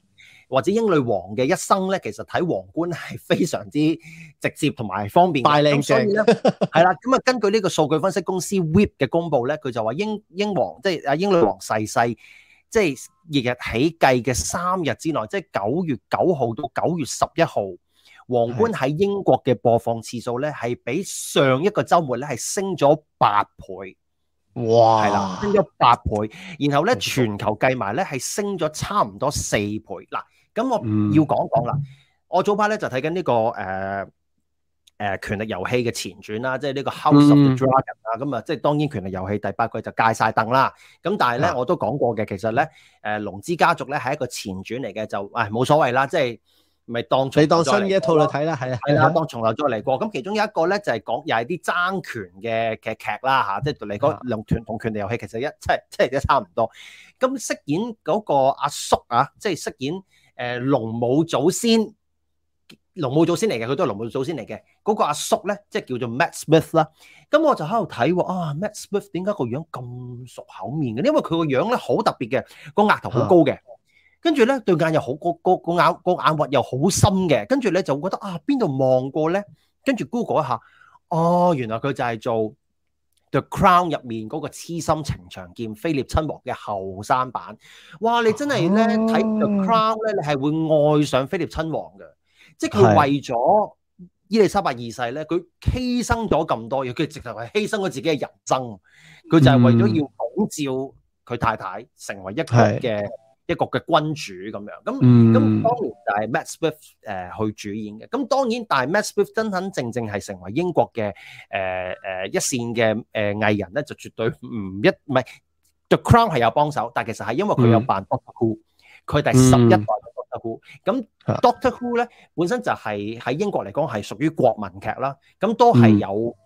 或者英女王嘅一生咧，其實睇皇冠係非常之直接同埋方便嘅，咁年所以咧係啦。咁啊， 根據呢個數據分析公司 Whip 嘅公佈咧，佢就話英英王即係阿英女王逝世，即係翌日起計嘅三日之內，即係九月九號到九月十一號，皇冠喺英國嘅播放次數咧係比上一個週末咧係升咗八倍，哇！係啦，升咗八倍，然後咧全球計埋咧係升咗差唔多四倍嗱。咁我唔要講講啦，我早排咧就睇緊呢個誒誒、呃、權力遊戲嘅前傳啦，即係、這、呢個 House of the Dragon 啊，咁啊即係當然權力遊戲第八季就戒晒凳啦。咁但係咧我都講過嘅，其實咧誒龍之家族咧係一個前傳嚟嘅，就誒冇所謂啦，即係咪當你當新嘅一套嚟睇啦，係係啦，當從來嚟過。咁其中有一個咧就係講又係啲爭權嘅劇劇啦吓，即係嚟講龍團同權力遊戲其實一即係即係都差唔多。咁飾演嗰個阿叔啊，即係飾演。誒，龍母祖先，龍母祖先嚟嘅，佢都係龍母祖先嚟嘅。嗰個阿叔咧，即係叫做 Matt Smith 啦。咁我就喺度睇喎，啊，Matt Smith 點解個樣咁熟口面嘅？因為佢個樣咧好特別嘅，個額頭好高嘅，跟住咧對眼又好高，個個眼個眼窩又好深嘅，跟住咧就會覺得啊，邊度望過咧？跟住 Google 一下，哦，原來佢就係做。The Crown 入面嗰個痴心情長劍菲臘親王嘅後生版，哇！你真係咧睇 The Crown 咧，你係會愛上菲臘親王嘅，即係佢為咗伊麗莎白二世咧，佢犧牲咗咁多嘢，佢直頭係犧牲咗自己嘅人生，佢就係為咗要矚照佢太太成為一個嘅一個嘅君主咁樣，咁咁當然就係 Matt Smith、呃、去主演嘅，咁當然但係 Matt Smith 真真正正係成為英國嘅誒誒一線嘅誒、呃、藝人咧，就絕對唔一唔係 The Crown 係有幫手，但其實係因為佢有扮 Doctor Who，佢第十一代嘅 Doctor Who，咁 Doctor Who 咧本身就係、是、喺英國嚟講係屬於國民劇啦，咁都係有，嗯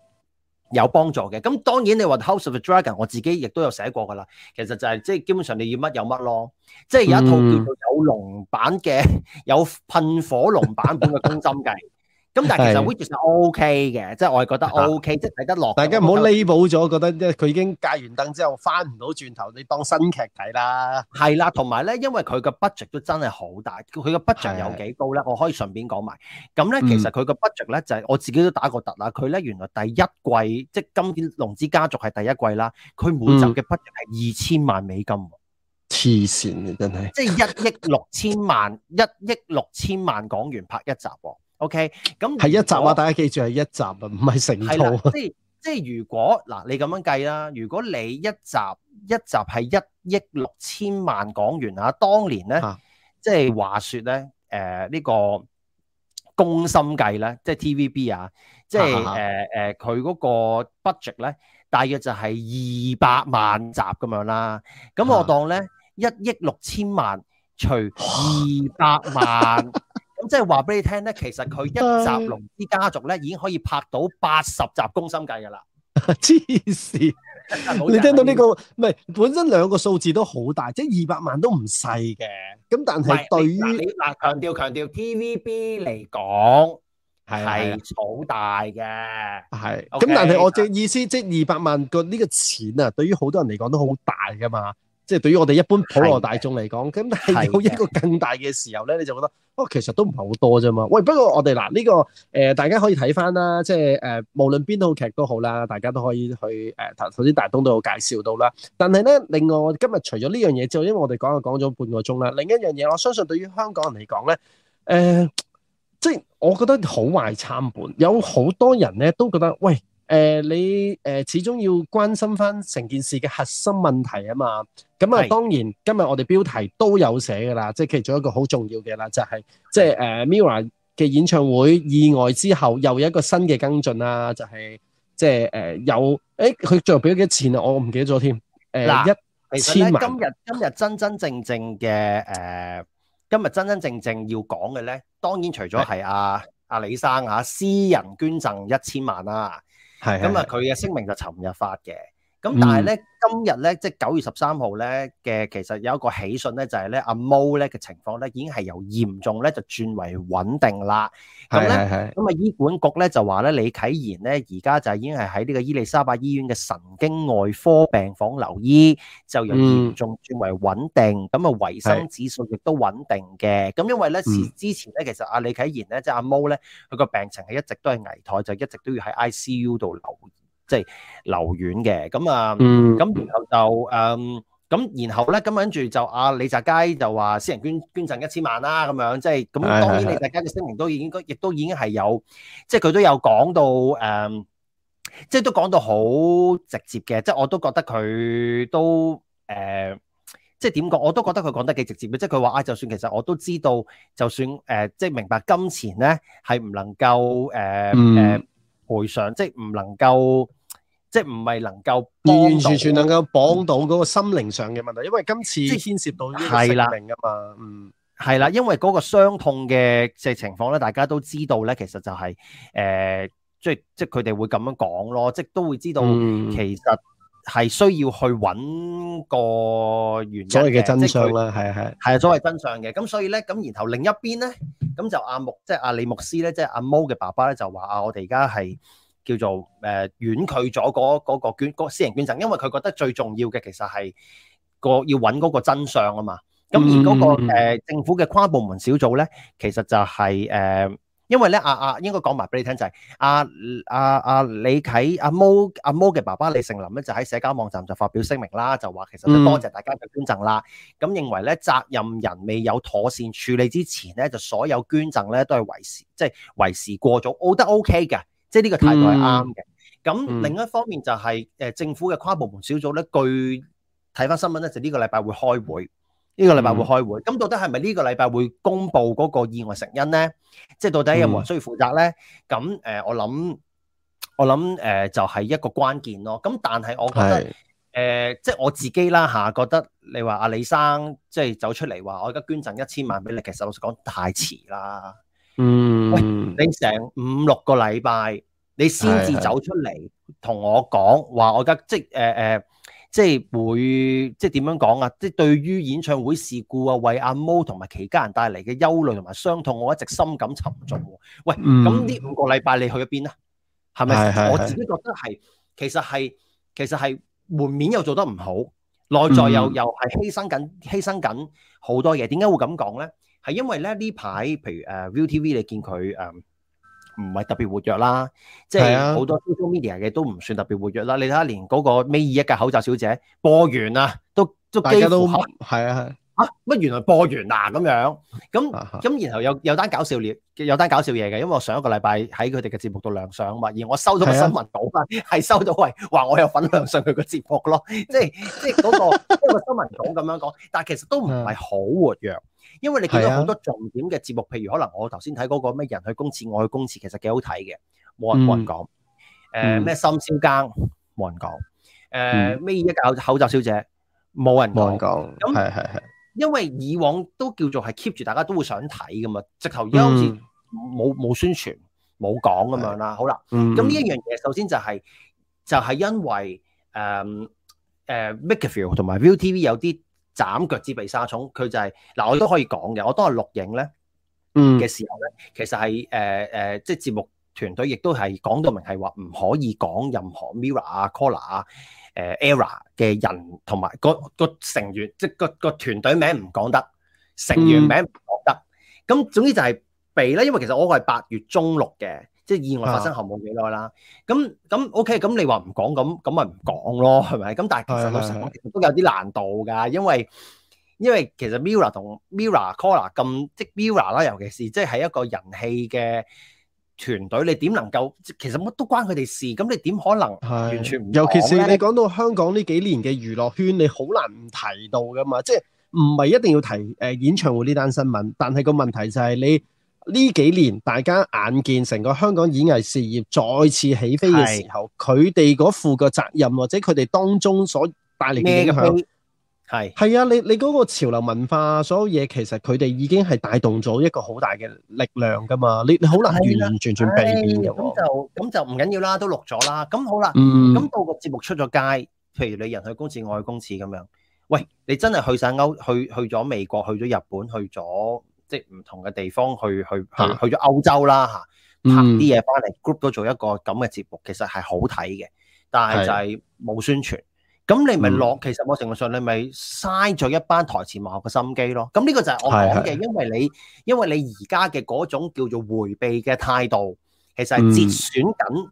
有幫助嘅，咁當然你話 House of the Dragon，我自己亦都有寫過㗎啦。其實就係即係基本上你要乜有乜咯，即係有一套叫做有龍版嘅 有噴火龍版本嘅《宮心計》。咁但係其實《Witches》就 OK 嘅，即係我係覺得 OK，的即係睇得落。大家唔好 label 咗，覺得即係佢已經戒完凳之後翻唔到轉頭，你當新劇睇啦。係啦，同埋咧，因為佢嘅 budget 都真係好大，佢嘅 budget 有幾高咧？的我可以順便講埋。咁咧，其實佢嘅 budget 咧就係、是嗯、我自己都打過突啦。佢咧原來第一季，即係今年《龍之家族》係第一季啦。佢每集嘅 budget 係二千萬美金，黐線嘅真係，即係一億六千萬，一億六千萬港元拍一集喎。OK，咁係一集啊！大家記住係一集啊，唔係成套啊。即係即係如果嗱，你咁樣計啦，如果你一集一集係一億六千萬港元啊，當年咧、啊呃這個，即係話說咧，誒呢個公心計咧，即係 TVB 啊，即係誒誒佢嗰個 budget 咧，大約就係二百萬集咁樣啦。咁我當咧、啊、一億六千萬除二百萬、啊。 咁即係話俾你聽咧，其實佢一集《龍之家族》咧已經可以拍到八十集攻計《宮心計》噶啦，黐線！你聽到呢、這個唔係本身兩個數字都好大，即係二百萬都唔細嘅。咁但係對於你嗱，強調強調 TVB 嚟講係好大嘅，係、啊。咁 Okay, 但係我嘅意思，即係二百萬個呢個錢啊，對於好多人嚟講都好大噶嘛。即係對於我哋一般普羅大眾嚟講，咁的但係有一個更大嘅時候咧，你就覺得，哦，其實都唔係好多啫嘛。喂，不過我哋嗱呢個誒、呃，大家可以睇翻啦，即係誒、呃，無論邊套劇都好啦，大家都可以去誒。頭頭先大東都有介紹到啦。但係咧，另外我今日除咗呢樣嘢之後，因為我哋講啊講咗半個鐘啦，另一樣嘢，我相信對於香港人嚟講咧，誒、呃，即係我覺得好壞參半，有好多人咧都覺得，喂。誒、哎、你誒、哎、始終要關心翻成件事嘅核心問題啊嘛，咁啊是當然今日我哋標題都有寫㗎啦，即係其中一個好重要嘅啦，就係、是、即係、呃、誒 MIRROR 嘅演唱會意外之後又有一個新嘅跟進、就是呃哎呃、啦，就係即係誒有誒佢最後俾咗幾多錢啊？我唔記得咗添誒一千萬。其實咧今日今日真真正正嘅誒，今日真真正正、呃、真真正、正、正要講嘅咧，當然除咗係阿阿李生啊私人捐贈、贈、贈一千萬啦、啊。係咁啊！佢嘅、嗯、聲明就尋日發嘅。咁但係咧，今日咧，即係九月十三號咧嘅，其實有一個喜訊咧，就係咧阿 Mo 咧嘅情況咧已經係由嚴重咧就轉為穩定啦。係係係。咁啊，醫管局咧就話咧李啟言咧而家就係已經係喺呢個伊利沙伯醫院嘅神經外科病房留醫，就由嚴重轉為穩定，咁啊，維生指數亦都穩定嘅。咁因為咧之之前咧，其實阿李啟言咧即係阿 Mo 咧佢個病情係一直都係危殆，就一直都要喺 I C U 度留。即係留院嘅，咁、嗯、啊，咁、嗯、然後就誒，咁、嗯、然後咧，咁跟住就阿、啊、李澤楷就話私人捐捐贈一千萬啦、啊，咁樣，即係咁當然李澤楷嘅聲明都已經亦都已經係有，即係佢都有講到誒，即、嗯、係、就是、都講到好直接嘅，即、就、係、是、我都覺得佢都誒，即係點講我都覺得佢講得幾直接嘅，即係佢話啊，就算其實我都知道，就算誒，即、呃、係、就是、明白金錢咧係唔能夠誒誒賠償，即係唔能夠。呃嗯即係唔係能夠完完全全能夠綁到嗰個心靈上嘅問題，因為今次即係牽涉到生命啊嘛，嗯，係啦，因為嗰個傷痛嘅嘅情況咧，大家都知道咧，其實就係誒，即係即係佢哋會咁樣講咯，即係都會知道其實係需要去搵個原因，所謂嘅真相啦，係係係啊，所謂真相嘅，咁所以咧，咁然後另一邊咧，咁就阿牧即係阿李牧師咧，即係阿毛嘅爸爸咧，就話啊，我哋而家係。叫做誒婉拒咗嗰個捐嗰私人捐贈，因為佢覺得最重要嘅其實係個要揾嗰個真相啊嘛。咁而嗰個政府嘅跨部門小組咧，其實就係、是、誒，因為咧阿阿應該講埋俾你聽就係阿阿阿李啟阿毛阿毛嘅爸爸李成林咧，就喺社交網站就發表聲明啦，就話其實多謝大家嘅捐贈啦。咁、嗯、認為咧責任人未有妥善處理之前咧，就所有捐贈咧都係為時即係、就是、為時過早，我覺得 OK 嘅。即係呢個態度係啱嘅。咁、嗯、另一方面就係、是、誒、嗯呃、政府嘅跨部門小組咧，據睇翻新聞咧，就呢、是、個禮拜會開會，呢、這個禮拜會開會。咁、嗯、到底係咪呢個禮拜會公布嗰個意外成因咧？即、就、係、是、到底有冇人需要負責咧？咁誒、嗯呃，我諗我諗誒就係、是、一個關鍵咯。咁但係我覺得誒，即係是、呃就是、我自己啦嚇、啊，覺得你話阿李生即係、就是、走出嚟話我而家捐贈一千萬俾你，其實老實講太遲啦。嗯，喂，你成五六個禮拜，你先至走出嚟同我講話，是是我而家即係誒誒，即係會即係點樣講啊？即係對於演唱會事故啊，為阿 Mo 同埋其家人帶嚟嘅憂慮同埋傷痛，我一直深感沉重。喂，咁呢、嗯、五個禮拜你去咗邊啊？係咪？我自己覺得係，其實係，其實係門面又做得唔好，內在又、嗯、又係犧牲緊，犧牲緊好多嘢。點解會咁講咧？係因為咧，呢排，譬如誒，ViuTV 你見佢誒唔係特別活躍啦，即係好多 social media 嘅都唔算特別活躍啦。你睇下連嗰個 May 二一嘅口罩小姐播完啦，都都幾乎大家都係啊係啊，乜、啊啊、原來播完啦咁樣，咁咁、啊啊、然後有有單搞笑料，有單搞笑嘢嘅。因為我上一個禮拜喺佢哋嘅節目度亮相啊嘛，而我收咗個新聞稿，係、啊、收到喂話我有份亮相佢個節目咯，即係即係、那、嗰個即係 個新聞稿咁樣講。但係其實都唔係好活躍。因為你見到好多重點嘅節目，譬如可能我頭先睇嗰個咩人去公廁，我去公廁，其實幾好睇嘅，冇人冇人講。誒咩心燒更冇人講。誒咩一教口罩小姐冇人冇人講。咁係係係，是是是因為以往都叫做係 keep 住，大家都會想睇㗎嘛，直頭而家好似冇冇宣傳，冇講咁樣啦。是好啦了，咁呢一樣嘢首先就係、是、就係、是、因為誒誒 MakerVille 同埋 ViuTV 有啲。斬腳趾被沙蟲，佢就係、是、嗱，我都可以講嘅。我當日錄影咧嘅時候咧，嗯、其實係誒誒，即係節目團隊亦都係講到明係話唔可以講任何 MIRROR 啊、Collar 啊、誒 Error 嘅人同埋個、那個成員，即係個個團隊名唔講得，成員名唔講得。咁、嗯、總之就係避咧，因為其實我係八月中錄嘅。即係意外發生後冇幾耐啦，咁咁 OK，咁你話唔講咁咁咪唔講咯，係咪？咁但係其實老實講，其實都有啲難度㗎，因為因為其實 MIRROR 同 MIRROR Caller 咁即係 MIRROR 啦，尤其是即係喺一個人氣嘅團隊，你點能夠？其實乜都關佢哋事，咁你點可能，係完全唔講。尤其是你講到香港呢幾年嘅娛樂圈，你好難唔提到㗎嘛，即係唔係一定要提誒演唱會呢單新聞？但係個問題就係你。呢幾年大家眼見成個香港演藝事業再次起飛嘅時候，佢哋嗰負嘅責任或者佢哋當中所帶嚟嘅影響，係係啊，你你嗰個潮流文化所有嘢，其實佢哋已經係帶動咗一個好大嘅力量噶嘛，你你好難完完全全避免。咁就咁就唔緊要啦，都錄咗啦。咁好啦，咁、嗯、到個節目出咗街，譬如你人去公廁，我去公廁咁樣。喂，你真係去晒歐去去咗美國，去咗日本，去咗。即係唔同嘅地方去去去咗歐洲啦吓，啊、拍啲嘢翻嚟 group 都做一個咁嘅節目，其實係好睇嘅，但係就係冇宣傳，咁、嗯、你咪落，其實某程度上你咪嘥咗一班台前幕後嘅心機咯。咁呢個就係我講嘅、嗯，因為你因為你而家嘅嗰種叫做回避嘅態度，其實係節選緊、嗯、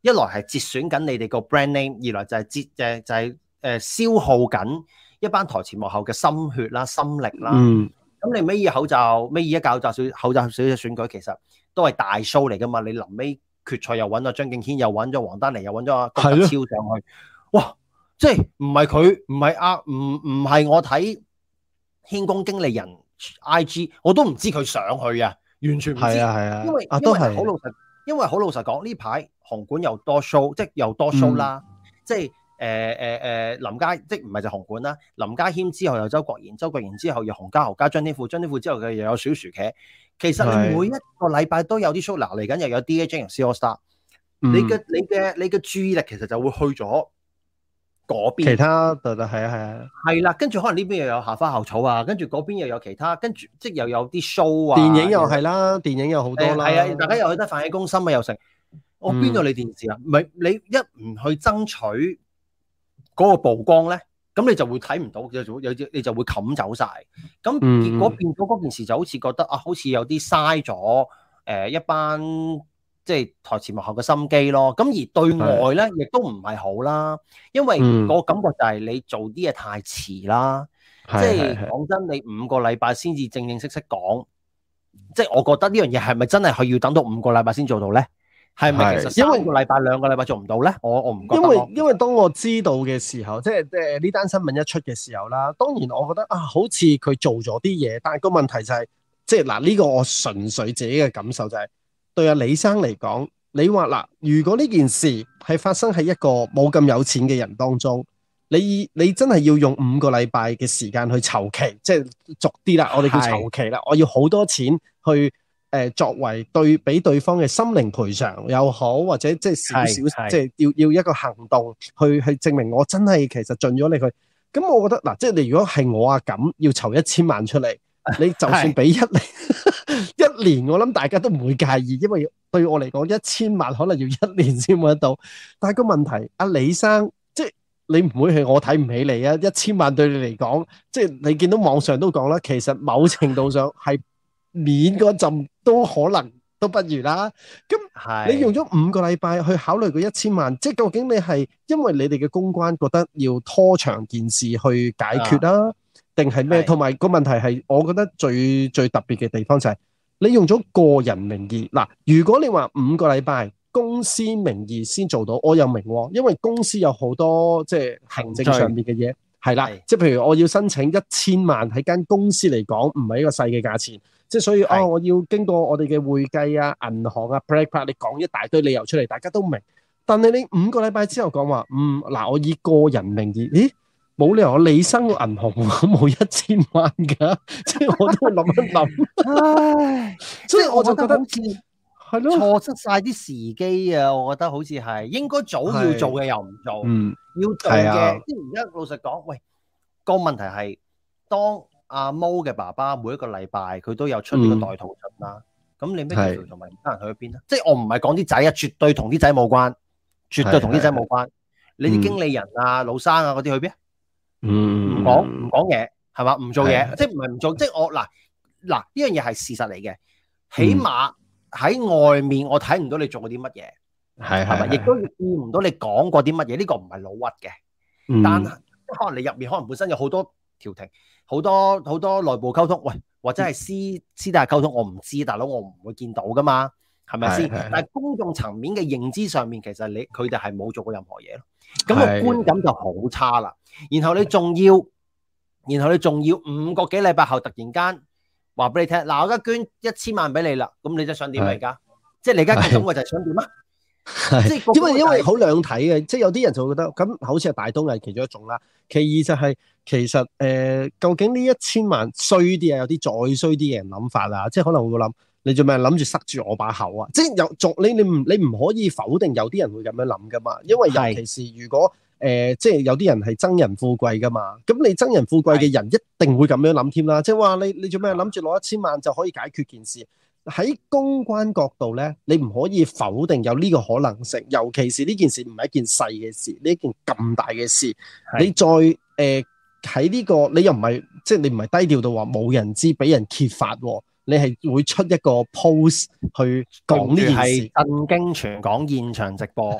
一來係節選緊你哋個 brand name，二來就係節，誒就係、是、誒消耗緊一班台前幕後嘅心血啦、心力啦。嗯咁你尾二口罩，尾二一搞口罩少，口罩少啲選舉，其實都係大 show 嚟㗎嘛？你臨尾決賽又揾咗張敬軒，又揾咗王丹妮，又揾咗阿郭柏超上去，的哇！即係唔係佢，唔係啊，唔唔係我睇軒公經理人 IG，我都唔知佢上去啊，完全唔知啊，係啊，因為因為好老實，因為好老實講呢排紅館又多 show，即係又多 show 啦、嗯，即係。誒誒誒，林家即唔係就紅館啦。林家謙之後有周國賢，周國賢之後有洪家豪加張天賦，張天賦之後嘅又有小薯茄。其實你每一個禮拜都有啲 show 啦的，嚟緊又有 D A J 又 C AllStar、嗯你。你嘅你嘅你嘅注意力其實就會去咗嗰邊。其他就係啊係啊，係啦。跟住可能呢邊又有夏花後草啊，跟住嗰邊又有其他，跟住即又有啲 show 啊。電影又係啦，的電影又好多啦。係啊，大家又覺得費力攻心啊又成。我邊度理電視啊？唔係、嗯、你一唔去爭取。嗰個曝光咧，咁你就會睇唔到，有有有，你就會冚走晒。咁結果變咗嗰件事，就好似覺得、嗯、啊，好似有啲嘥咗誒一班即係台前幕後嘅心機咯。咁而對外咧，亦都唔係好啦，因為個感覺就係你做啲嘢太遲啦。嗯、即係是講真，你五個禮拜先至正正式式講，即係我覺得呢樣嘢係咪真係要等到五個禮拜先做到咧？係，咪因為個個禮拜兩個禮拜做唔到咧，我我唔覺得。因為因為當我知道嘅時候，即係即係呢單新聞一出嘅時候啦，當然我覺得啊，好似佢做咗啲嘢，但係個問題就係、是，即係嗱，呢個我純粹自己嘅感受就係、是，對阿、啊、李生嚟講，你話嗱、啊，如果呢件事係發生喺一個冇咁有錢嘅人當中，你你真係要用五個禮拜嘅時間去籌期，即係俗啲啦，是我哋叫籌期啦，我要好多錢去。誒，作為對俾對方嘅心靈賠償又好，或者小小是是即係少少，即係要要一個行動去去證明我真係其實盡咗力佢。咁我覺得嗱、啊，即係你如果係我啊咁，要籌一千萬出嚟，你就算俾一年，是是 一年，我諗大家都唔會介意，因為對我嚟講一千萬可能要一年先會得到。但係個問題，阿李生，即係你唔會係我睇唔起你啊？一千萬對你嚟講，即係你見到網上都講啦，其實某程度上係。免嗰浸都可能都不如啦。咁你用咗五個禮拜去考慮嗰一千萬，即係究竟你係因為你哋嘅公關覺得要拖長件事去解決啦，啊，定係咩？同埋個問題係，我覺得最最特別嘅地方就係你用咗個人名義嗱。如果你話五個禮拜公司名義先做到，我又明，啊，因為公司有好多即係行政上面嘅嘢係啦，即係譬如我要申請 1, 一千萬喺間公司嚟講唔係一個細嘅價錢。即係所以，哦，我要經過我哋嘅會計啊、銀行啊、private，你講一大堆理由出嚟，大家都明。但係你五個禮拜之後講話，嗯，嗱，我以個人名義，咦，冇理由我理生個銀行冇一千萬㗎，即係我都諗一諗。唉，所以我就覺得好似係咯，錯失晒啲時機啊！我覺得好似係應該早要做嘅又唔做，嗯，要做嘅。即係而家老實講，喂，個問題係當。阿毛嘅爸爸每一個禮拜佢都有出呢個代禱信啦，咁你咩同埋其他人去咗邊啊？即係我唔係講啲仔啊，絕對同啲仔冇關，絕對同啲仔冇關。你啲經理人啊、老生啊嗰啲去邊？唔講唔講嘢係嘛？唔做嘢，即係唔係唔做？即係我嗱嗱呢樣嘢係事實嚟嘅，起碼喺外面我睇唔到你做過啲乜嘢，係係嘛？亦都見唔到你講過啲乜嘢，呢個唔係老屈嘅，但係可能你入面可能本身有好多調停。好多好多內部溝通，喂，或者係私私底下溝通，我唔知，大佬我唔會見到噶嘛，係咪先？是的 但係公眾層面嘅認知上面，其實你佢哋係冇做過任何嘢咯，咁個觀感就好差啦。然後你仲要，然後你仲要五個幾禮拜後，突然間話俾你聽，嗱，我而家捐一千萬俾你啦，咁你就想點嚟噶？是的 即係你而家嘅感覺就係想點啊？係，因為因為好兩睇嘅，即係有啲人就會覺得，咁好似係大東藝其中一種啦。其二就係、是，其實誒、呃，究竟呢一千萬衰啲啊？有啲再衰啲嘅人諗法啊，即係可能會諗，你做咩諗住塞住我把口啊？即係有作，你你唔你唔可以否定有啲人會咁樣諗噶嘛？因為尤其是如果誒、呃，即係有啲人係憎人富貴噶嘛，咁你憎人富貴嘅人一定會咁樣諗添啦。即係話你你做咩諗住攞一千萬就可以解決件事？喺公關角度咧，你唔可以否定有呢個可能性，尤其是呢件事唔係一件細嘅事，呢件咁大嘅事，的你再誒喺呢個，你又唔係即係你唔係低調到話冇人知，俾人揭發、哦，你係會出一個 post 去講呢件事，震驚全港，現場直播，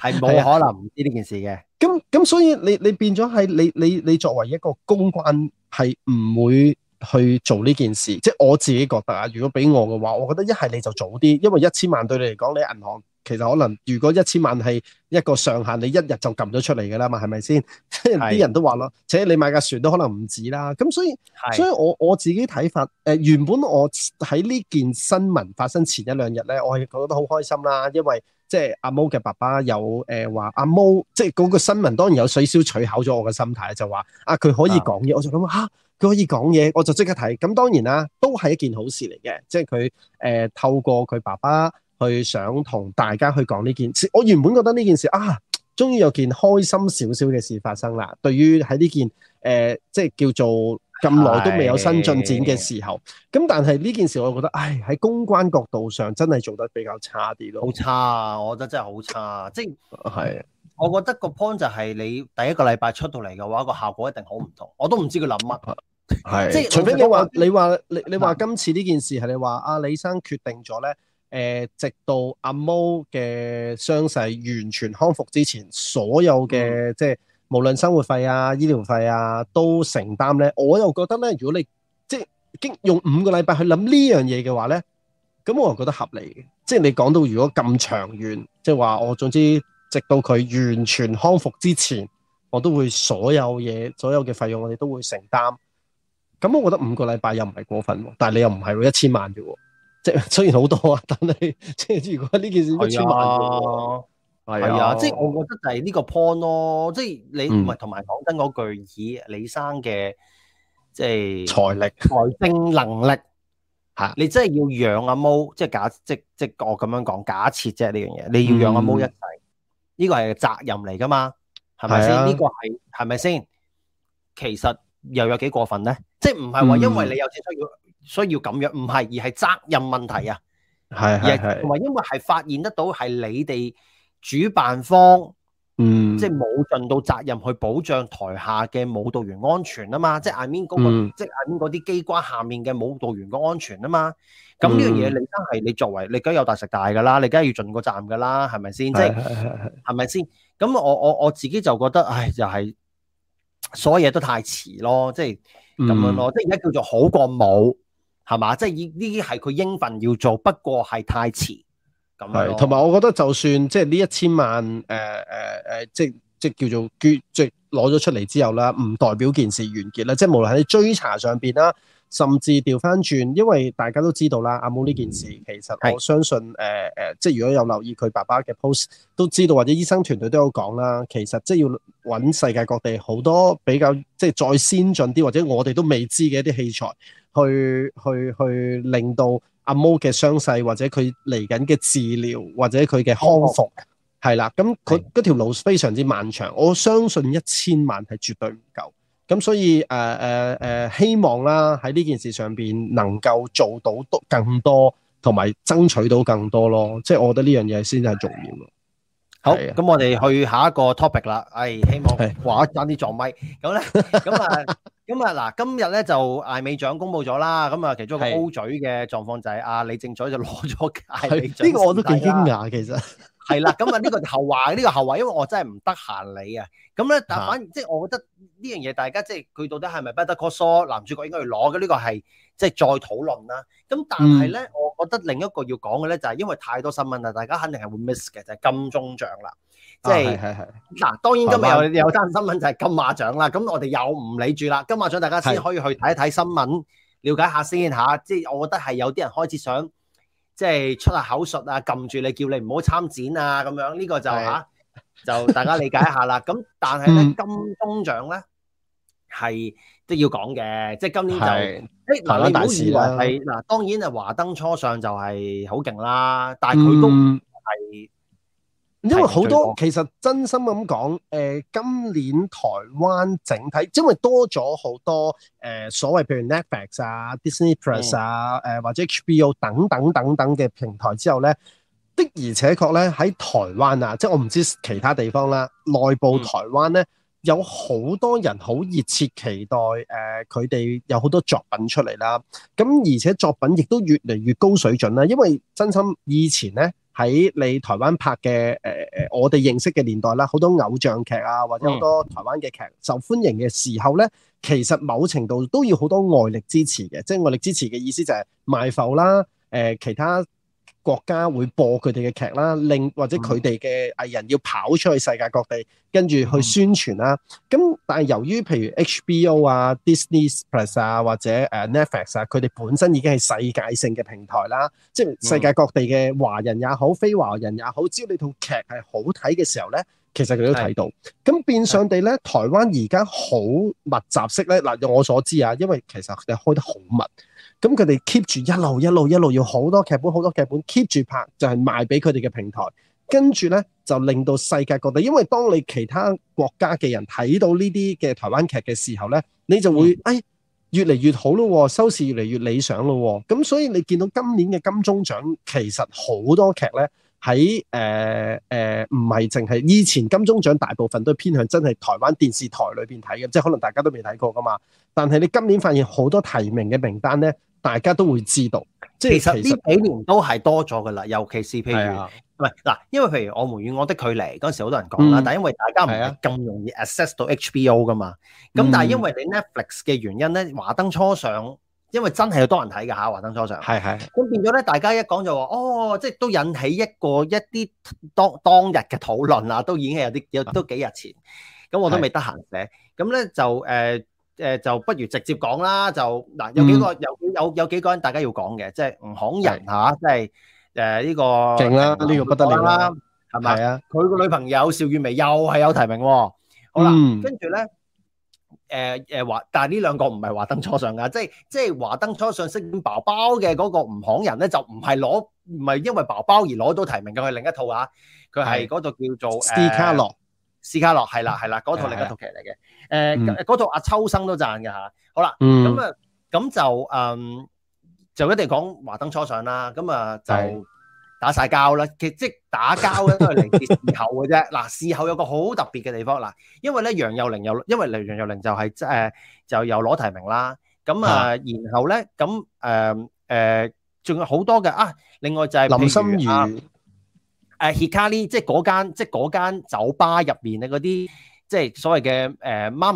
係冇 可能唔知呢件事嘅。咁咁，所以你你變咗係你你你作為一個公關係唔會。去做呢件事，即係我自己覺得啊，如果俾我嘅話，我覺得一係你就早啲，因為一千萬對你嚟講，你銀行其實可能，如果一千萬係一個上限，你一日就撳咗出嚟嘅啦嘛，係咪先？即係啲人都話咯，且你買架船都可能唔止啦，咁所以，是所以我我自己睇法，誒、呃、原本我喺呢件新聞發生前一兩日咧，我係覺得好開心啦，因為即係，阿 Mo 嘅爸爸有誒話、呃、阿 Mo，即、那、嗰個新聞當然有水消取口咗我嘅心態，就話啊佢可以講嘢，我就諗啊。可以講嘢，我就即刻睇。咁當然啦，都係一件好事嚟嘅，即係佢誒透過佢爸爸去想同大家去講呢件事。我原本覺得呢件事啊，終於有件開心少少嘅事發生啦。對於喺呢件誒、呃、即係叫做咁耐都未有新進展嘅時候，咁的但係呢件事我覺得，唉，喺公關角度上真係做得比較差啲咯。好差啊！我覺得真係好差，即係。的我覺得個 point 就係你第一個禮拜出到嚟嘅話，個效果一定好唔同。我都唔知佢諗乜。係即係，是除非你話、嗯、你話你你話今次呢件事係你話阿、啊、李生決定咗咧？誒、呃，直到阿 Mo 嘅傷勢完全康復之前，所有嘅、嗯、即係無論生活費啊、醫療費啊，都承擔咧。我又覺得咧，如果你即係經用五個禮拜去諗呢樣嘢嘅話咧，咁我又覺得合理嘅。即係你講到如果咁長遠，即係話我總之直到佢完全康復之前，我都會所有嘢所有嘅費用我哋都會承擔。咁我覺得五個禮拜又唔係過分喎，但係你又唔係喎，一千萬啫喎，即係雖然好多啊，但係即係如果呢件事一千萬，係啊，係啊，即係我覺得就係呢個 point 咯，即係你唔係同埋講真嗰句，以李生嘅即係財力、財政能力吓，你真係要養阿毛，即係假即即我咁樣講假設啫呢樣嘢，你要養阿毛一世，呢個係責任嚟㗎嘛，係咪先？呢個係係咪先？其實又有幾過分咧？即係唔係話因為你有需要需要咁樣，唔係、嗯、而係責任問題啊。係係係，同埋因為係發現得到係你哋主辦方，嗯，即係冇盡到責任去保障台下嘅舞蹈員安全啊嘛。嗯、即係下面嗰個，即係下面嗰啲機關下面嘅舞蹈員個安全啊嘛。咁呢樣嘢你真係你作為你梗有大食大噶啦，你梗係要盡個責任噶啦，係咪先？即係係咪先？咁我我我自己就覺得，唉，就係、是、所有嘢都太遲咯、就是，即係。咁樣咯，即係而家叫做好過冇，係嘛？即係呢啲係佢應份要做，不過係太遲。咁，係同埋我覺得，就算即係呢一千萬誒誒誒，即係即係叫做攞咗出嚟之後啦，唔代表件事完結啦。即係無論喺追查上邊啦。甚至調翻轉，因為大家都知道啦，阿 Mo 呢件事，嗯、其實我相信誒誒是、呃，即係如果有留意佢爸爸嘅 post，都知道或者醫生團隊都有講啦，其實即係要揾世界各地好多比較即係再先進啲，或者我哋都未知嘅一啲器材，去去去，去令到阿 Mo 嘅傷勢或者佢嚟緊嘅治療或者佢嘅康復，係啦，咁佢嗰條路非常之漫長，我相信一千萬係絕對唔夠。咁所以，誒誒誒，希望啦，喺呢件事上邊能夠做到多更多，同埋爭取到更多咯。即係我覺得呢樣嘢先係重要咯。好，咁我哋去下一個 topic 啦。誒，希望話爭啲撞咪。咁咧，咁啊，咁啊，嗱，今日咧就艾美獎公佈咗啦。咁啊，其中一個 O 嘴嘅狀況就係阿李正宰就攞咗艾美獎。係，呢個我都幾驚訝其實。係啦，咁啊呢個後話，呢個後話，因為我真係唔得閒理啊。咁咧，但反而即係我覺得呢樣嘢，大家即係佢到底係咪不，不得哥梳男主角應該去攞嘅呢個係即係再討論啦。咁但係咧，我覺得另一個要講嘅咧就係因為太多新聞啦，大家肯定係會 miss 嘅就係金鐘獎啦，即係嗱，當然今日有班有單新聞就係金馬獎啦。咁我哋又唔理住啦，金馬獎大家先可以去睇一睇新聞，是了解下先嚇。即係我覺得係有啲人開始想。即係出下口述啊，撳住你叫你唔好參展啊，咁樣呢個就嚇，就大家理解一下啦。咁但係咧，金鐘獎咧，係即係要講嘅，即係今年就，誒嗱，你唔好以為係嗱，當然啊華燈初上就係好勁啦，但係佢都唔係。因為好多高其實真心咁講，誒、呃、今年台灣整體，因為多咗好多誒、呃、所謂譬如 Netflix 啊、Disney Plus 啊、誒、嗯呃、或者 HBO 等等等等嘅平台之後咧，的而且確咧喺台灣啊，即係我唔知其他地方啦，內部台灣咧、嗯、有好多人好熱切期待誒佢哋有好多作品出嚟啦，咁而且作品亦都越嚟越高水準啦，因為真心以前咧。喺你台灣拍嘅誒誒，我哋認識嘅年代啦，好多偶像劇啊，或者好多台灣嘅劇受歡迎嘅時候咧，其實某程度都要好多外力支持嘅，即係外力支持嘅意思就係賣埠啦，誒、呃、其他國家會播佢哋嘅劇啦，令或者佢哋嘅藝人要跑出去世界各地，跟住去宣傳啦。咁、嗯、但係由於譬如 HBO 啊、Disney Plus 啊或者誒 Netflix 啊，佢哋本身已經係世界性嘅平台啦，嗯、即係世界各地嘅華人也好、非華人也好，只要你套劇係好睇嘅時候咧，其實佢都睇到。咁的變相地咧，台灣而家好密集式咧。嗱、呃，用我所知啊，因為其實佢哋開得好密。咁佢哋 keep 住一路一路一路要好多劇本好多劇本 keep 住拍，就係賣俾佢哋嘅平台。跟住呢，就令到世界各地，因為當你其他國家嘅人睇到呢啲嘅台灣劇嘅時候呢，你就會誒越嚟越好咯，收視越嚟越理想咯。咁所以你見到今年嘅金鐘獎，其實好多劇呢。喺誒誒唔係淨係以前金鐘獎大部分都偏向真係台灣電視台裏邊睇嘅，即係可能大家都未睇過噶嘛。但係你今年發現好多提名嘅名單咧，大家都會知道。即係其實呢幾年都係多咗噶啦，尤其是譬如唔係嗱，啊、因為譬如我《我們與我的距離》嗰陣時好多人講啦，嗯、但係因為大家唔係咁容易 access 到 HBO 噶嘛，咁、嗯、但係因為你 Netflix 嘅原因咧，華燈初上。因為真係有多人睇㗎嚇，華燈初上。係係。咁變咗咧，大家一講就話，哦，即係都引起一個一啲當當日嘅討論啦，都已經係有啲有都幾日前。咁我都未得閒寫。咁咧是的 就誒誒、呃，就不如直接講啦。就嗱、啊，有幾個有有有幾個，幾個大家要講嘅，嗯、即係吳慷仁，嚇，即係誒呢個。勁啦！呢、啊、個不得了啦。係咪吧啊？佢個女朋友邵雨薇又係有提名喎。好啦，跟住咧。誒誒華，但係呢兩個唔係華燈初上㗎，即係即係華燈初上飾演寶寶嘅嗰個吳慷仁咧，就唔係攞，唔係因為寶寶而攞到提名嘅，佢另一套啊，佢係嗰度叫做斯卡羅，斯卡羅係啦係啦，嗰套另一套劇嚟嘅，誒嗰套阿秋生都讚㗎吓。好啦，咁啊咁就誒就一定講華燈初上啦，咁啊就。打晒交啦，其即打交咧都係嚟時候嘅啫。嗱，事後有個好特別嘅地方嗱，因為咧楊祐寧又因為嚟楊祐寧就係誒就又攞提名啦，咁啊，然後咧咁誒誒仲有好多嘅啊，另外就係林心如誒 hit 咖喱，即係嗰間即係嗰間酒吧入面嘅嗰啲即係所謂嘅誒。